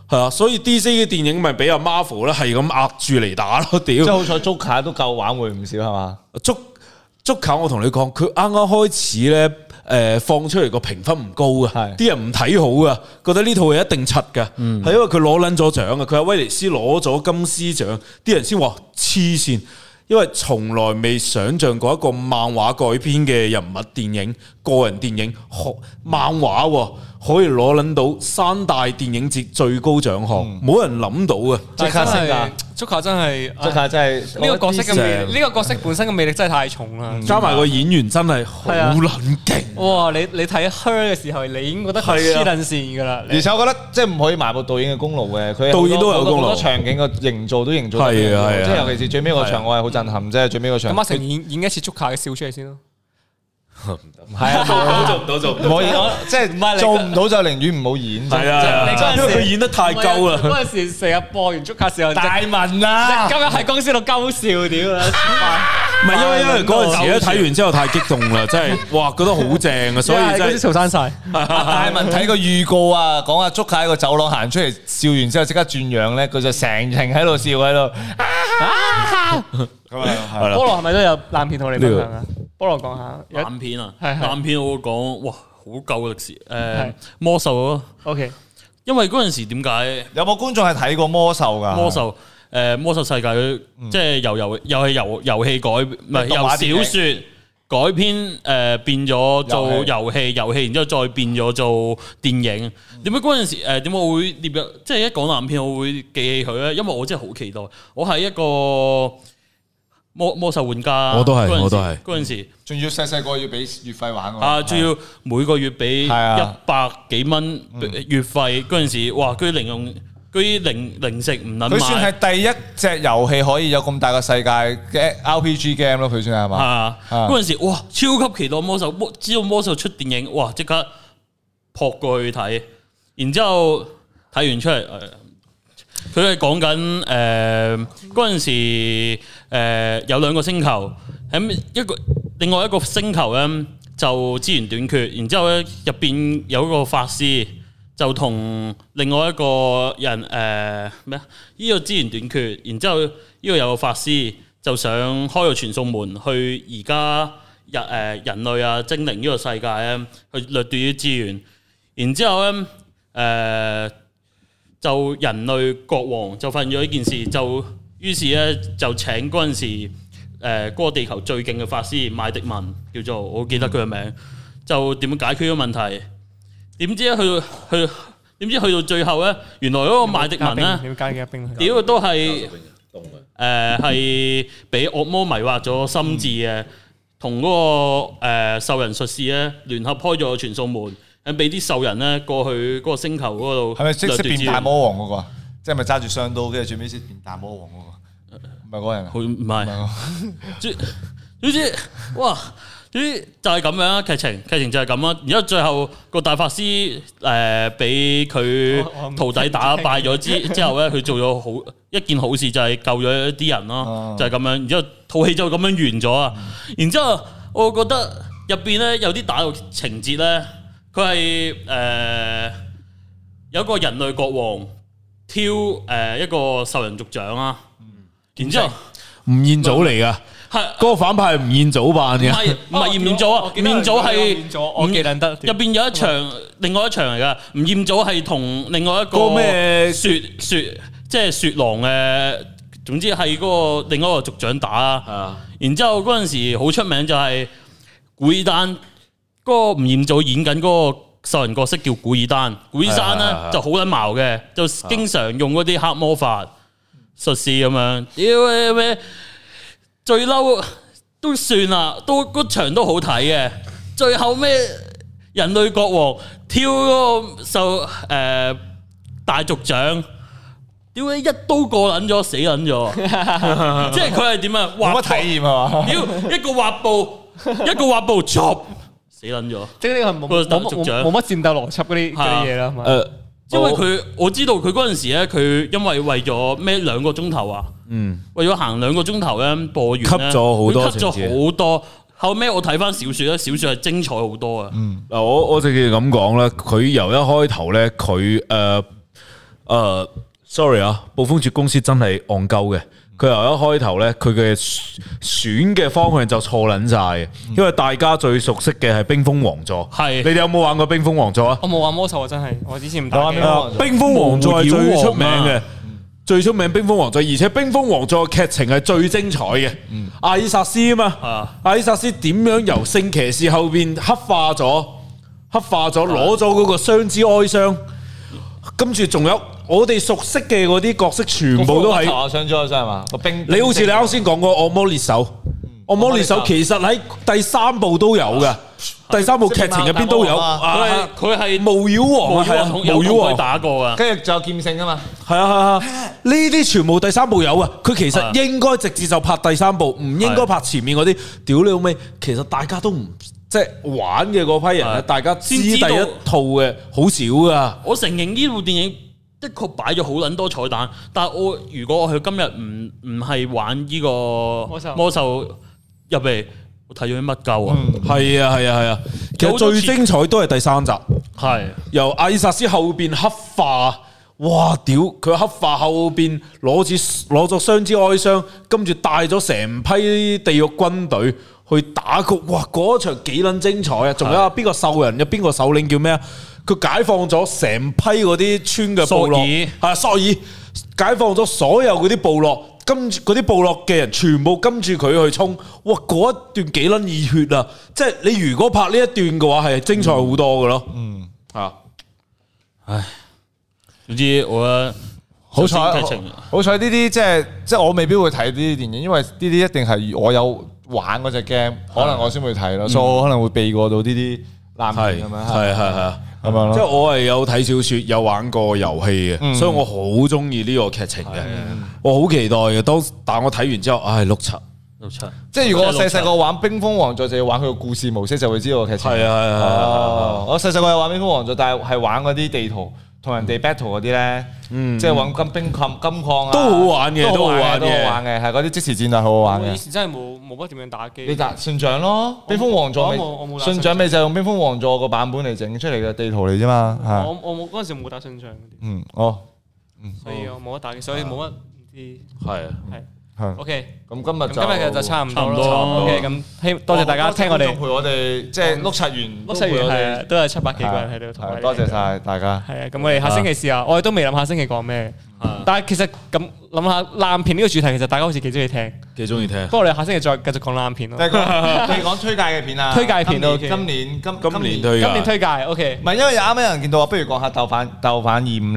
係啊，所以 D C 嘅電影咪俾阿 Marvel 咧係咁壓住嚟打咯，屌、嗯！即係的好彩 Joker 都夠挽回唔少係嘛，Joker,Joker 我同你講，佢啱啱開始咧。誒、呃、放出嚟個評分唔高啊，啲是的 人唔睇好啊，覺得呢套嘢一定柒㗎，係、嗯、因為佢攞撚咗獎啊，佢喺威尼斯攞咗金獅獎，啲人先話黐線，因為從來未想象過一個漫畫改編嘅人物電影。個人電影學漫畫可以攞到三大電影節最高獎項，冇人諗到啊。足球真係，足球真係，足球真係呢個角色嘅魅力，呢個角色本身嘅魅力真係太重啦！加埋個演員真係好撚勁。哇！你你睇《Her》嘅時候，你已經覺得黐撚線㗎啦。而且我覺得即係唔可以埋沒導演嘅功勞嘅，導演都有功勞。好多場景嘅營造都營造。係啊係啊！即係尤其是最尾嗰場，我係好震撼即係。最尾嗰場。咁阿成演演一次足球嘅笑出嚟先咯。係 (laughs) 啊，做唔到、 (laughs) 就是、做唔可以講，即係做唔到就寧願唔好演。係啊來，因為佢演得太鳩啦。嗰陣時成日播完足卡時候，大文啦、啊，今日喺公司度鳩笑屌啊！唔係因為因為嗰陣時咧睇完之後太激動啦，真係哇 (laughs) 覺得好正啊，所以真係潮山晒。大文睇個預告啊，講阿足卡喺個走廊行出嚟笑完之後即刻轉樣咧，佢就成程喺度笑喺度。咁啊，菠蘿係咪都有爛片同你分享啊？菠蘿講下爛片啊，爛是是 片我會講哇，好舊嘅歷史誒、呃，魔獸咯，OK。因為嗰陣時點解有冇觀眾係睇過魔獸噶？魔獸誒，魔獸世界即係由遊又係遊遊戲改唔係、嗯、由小說改編誒、呃，變咗做遊戲，遊戲遊戲 然之後再變咗做電影。點解嗰陣時誒，點、呃、解會獵入即係一講爛片我會記起佢咧？因為我真係好期待，我喺一個。魔魔獸玩家，我都係，我都係。嗰陣時，仲要細細個要俾月費玩啊！仲要每個月俾一百幾蚊月費。嗰陣時，哇！佢零用，佢啲零零食唔諗買。佢算係第一隻遊戲可以有咁大個世界嘅 RPG game 咯，佢算係嘛？啊！嗰陣時，哇！超級期待魔獸，知道魔獸出電影，哇！即刻撲過去睇，然之後睇完出嚟，佢係講緊誒嗰陣時。誒、呃，有兩個星球，喺一個另外一個星球咧，就資源短缺。然之後咧，入邊有一個法師，就同另外一個人誒咩啊？呢、呃呢個資源短缺，然之後呢個有個法師就想開個傳送門去而家人誒人類啊精靈呢個世界咧，去掠奪啲資源。然之後咧，誒、呃、就人類國王就發現咗呢件事就。於是咧，就請嗰陣時，誒嗰個地球最勁嘅法師麥迪文，叫做我記得佢嘅名，就點樣解決個問題？點知咧去去點知去到最後咧，原來嗰個麥迪文咧，屌都係誒係俾惡魔迷惑咗心智嘅，同嗰、嗯那個誒、呃、獸人術士咧，聯合開咗傳送門，俾啲獸人咧，過去嗰個星球嗰度。係咪即即變大魔王嗰、那個？即係咪揸住雙刀跟住最尾先變大魔王嗰、那個？外國人，唔係，總之，哇，總之就係、是、咁樣啊！劇情，劇情就係咁啊！然之後最後個大法師誒，俾、呃、佢徒弟打敗咗之之後咧，佢做咗好 (laughs) 一件好事就，就係救咗一啲人咯，就係咁樣。然之後套戲就咁樣完咗啊！然之後我覺得入邊咧有啲打鬥情節咧，佢係誒有個人類國王挑誒、呃、一個獸人族長啊。然之後，吳彥祖嚟噶，係嗰個反派係吳彥祖扮嘅，唔係唔係吳彥祖啊，吳彥祖係，我記得，入邊有一場，另外一場嚟噶，吳彥祖係同另外一個咩雪雪，即係雪狼誒，總之係嗰個另外一個族長打，然之後嗰陣時好出名就係古爾丹，嗰個吳彥祖演緊嗰個獸人角色叫古爾丹，古爾丹呢就好捻矛嘅，就經常用嗰啲黑魔法。術士咁樣，屌咩？最嬲都算啦，都嗰場都好睇嘅。最後咩？人類國王跳嗰個受誒大族長，屌你一刀過捻咗，死捻咗。即係佢係點啊？冇乜體驗係嘛？屌一個滑步，一個滑步，插死捻咗。即係呢個係冇冇冇乜戰鬥邏輯嗰啲嗰啲嘢啦嘛。因為佢我知道佢嗰陣時咧，佢因為為咗咩兩個鐘頭啊，嗯，為咗行兩個鐘頭咧播完，吸咗好多，吸咗好多。後尾我睇翻小說咧，小說係精彩好多啊。嗱、嗯，我我直接咁講啦，佢由一開頭咧，佢誒誒，sorry 啊，暴風雪公司真係戇鳩嘅。佢由一開頭呢，佢嘅選嘅方向就錯捻晒。因為大家最熟悉嘅係冰封王座。係是的 你哋有冇玩過冰封王座啊？我冇玩魔獸啊，真係我之前唔打。冰封王座,、啊、冰封王座最出名嘅，啊、最出名冰封王座，而且冰封王座劇情係最精彩嘅。嗯、阿爾薩斯啊嘛，啊阿爾薩斯點樣由聖騎士後邊黑化咗，黑化咗攞咗嗰個雙之哀傷，跟住仲有。我哋熟悉嘅嗰啲角色全部都係上咗身係嘛？個兵，你好似你啱先講過惡魔獵手，惡魔獵手其實喺第三部都有嘅，第三部劇情入邊都有佢，係佢係巫妖王，係啊，巫妖王打過噶，跟住就劍聖啊嘛，係啊係啊，呢啲全部第三部有啊，佢其實應該直接就拍第三部，唔應該拍前面嗰啲。屌你老味，其實大家都唔即係玩嘅嗰批人咧，大家知第一套嘅好少噶。我承認呢部電影。的確擺咗好捻多彩蛋，但係我如果我佢今日唔唔係玩呢個魔獸入嚟，魔獸我睇咗啲乜鳩啊？係、嗯、啊係啊係啊！其實最精彩都係第三集，係由阿爾薩斯後邊黑化，哇屌佢黑化後邊攞住攞咗霜之哀傷，跟住帶咗成批地獄軍隊去打佢，哇嗰場幾捻精彩啊！仲有啊邊個獸人有邊個首領叫咩啊？佢解放咗成批嗰啲村嘅部落，爾啊，索爾解放咗所有嗰啲部落，跟住嗰啲部落嘅人全部跟住佢去衝，哇！嗰一段幾撚熱血啊！即係你如果拍呢一段嘅話，係精彩好多㗎咯。嗯，啊，唉，總之我、啊、好彩，好彩呢啲即係即係我未必會睇呢啲電影，因為呢啲一定係我有玩嗰隻 game，可能我先會睇咯，嗯、所以我可能會避過到呢啲爛片咁樣，係係係啊。的即係、嗯、我係有睇小説，有玩過遊戲嘅，嗯、所以我好中意呢個劇情嘅，的我好期待嘅。當，但我睇完之後，唉、哎，六七六七。即係如果我細細個玩《冰封王座》，就要玩佢個故事模式，就會知道個劇情。係啊係啊，哦、我細細個有玩《冰封王座》，但係係玩嗰啲地圖。同人哋 battle 嗰啲咧，即係搵金兵礦金礦啊，都好玩嘅，都好玩嘅，係嗰啲即時戰略，好好玩嘅。以前真係冇冇乜點樣打機。你打信長咯，冰封王座信長咪就用冰封王座個版本嚟整出嚟嘅地圖嚟啫嘛。我我冇嗰陣時冇打信長。嗯，我，所以我冇得打嘅，所以冇乜唔知。係。O K，咁今日就差唔多。O K，咁希多謝大家聽我哋陪我哋，即係碌擦完碌擦完，都係七百幾個人喺度睇。多謝晒大家。係啊，咁我哋下星期試下，我哋都未諗下星期講咩。但係其實咁諗下爛片呢個主題，其實大家好似幾中意聽。幾中意聽。不過我哋下星期再繼續講爛片咯。即係講推介嘅片啊。推介片到今年今今年推介。今年推介。O K，唔係因為啱啱有人見到，不如講下《豆瓣豆瓣二五零》。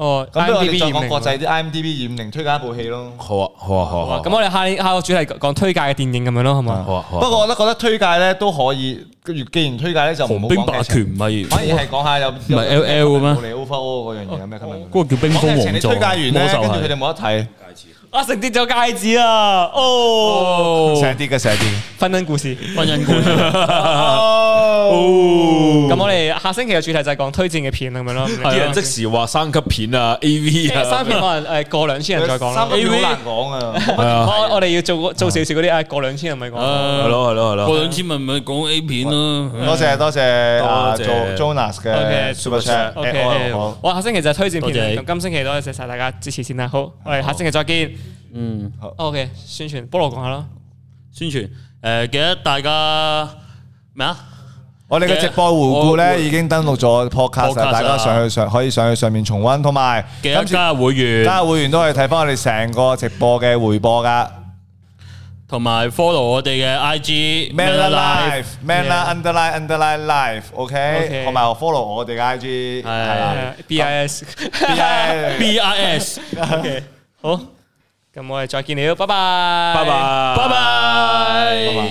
哦，咁我哋而家講國際啲 IMDB 驗定推介一部戲咯。好啊，好啊，好啊。咁我哋下下個主題講推介嘅電影咁樣咯，好唔好？啊，好啊。不過我都覺得推介咧都可以，跟住既然推介咧就冇冰霸權唔係，反而係講下有。唔係 LL 嘅咩？冇理 Overlord 嗰樣嘢，有咩吸引？嗰個叫冰封王者。推介完咧，跟住佢哋冇得睇。我食跌咗戒指啊！哦，錫啲嘅錫啲，婚姻故事，婚姻故事。咁我哋下星期嘅主題就係講推薦嘅片咁樣咯。啲人即時話三級片啊，A V 啊，三級可能誒過兩千人再講啦。三級好難講啊！我哋要做做少少嗰啲，誒過兩千人咪講。係咯係咯係咯。過兩千咪咪講 A 片咯。多謝多謝啊，Jonas 嘅 Super Chat，我我下星期就推薦片嚟。咁今星期多謝晒大家支持先啦。好，我哋下星期再見。嗯，好。O K，宣傳，菠蘿講下啦。宣傳，誒，記得大家咩啊？我哋嘅直播回顧咧已經登錄咗 Podcast，大家上去上可以上去上面重温，同埋記得加入會員，加入會員都可以睇翻我哋成個直播嘅回播噶，同埋 follow 我哋嘅 I G，Manner Life，Manner Underline Underline Life，OK，同埋 follow 我哋嘅 I G，係 B I S B I B I S，OK，好。咁我哋再見囉，拜拜，拜拜，拜拜。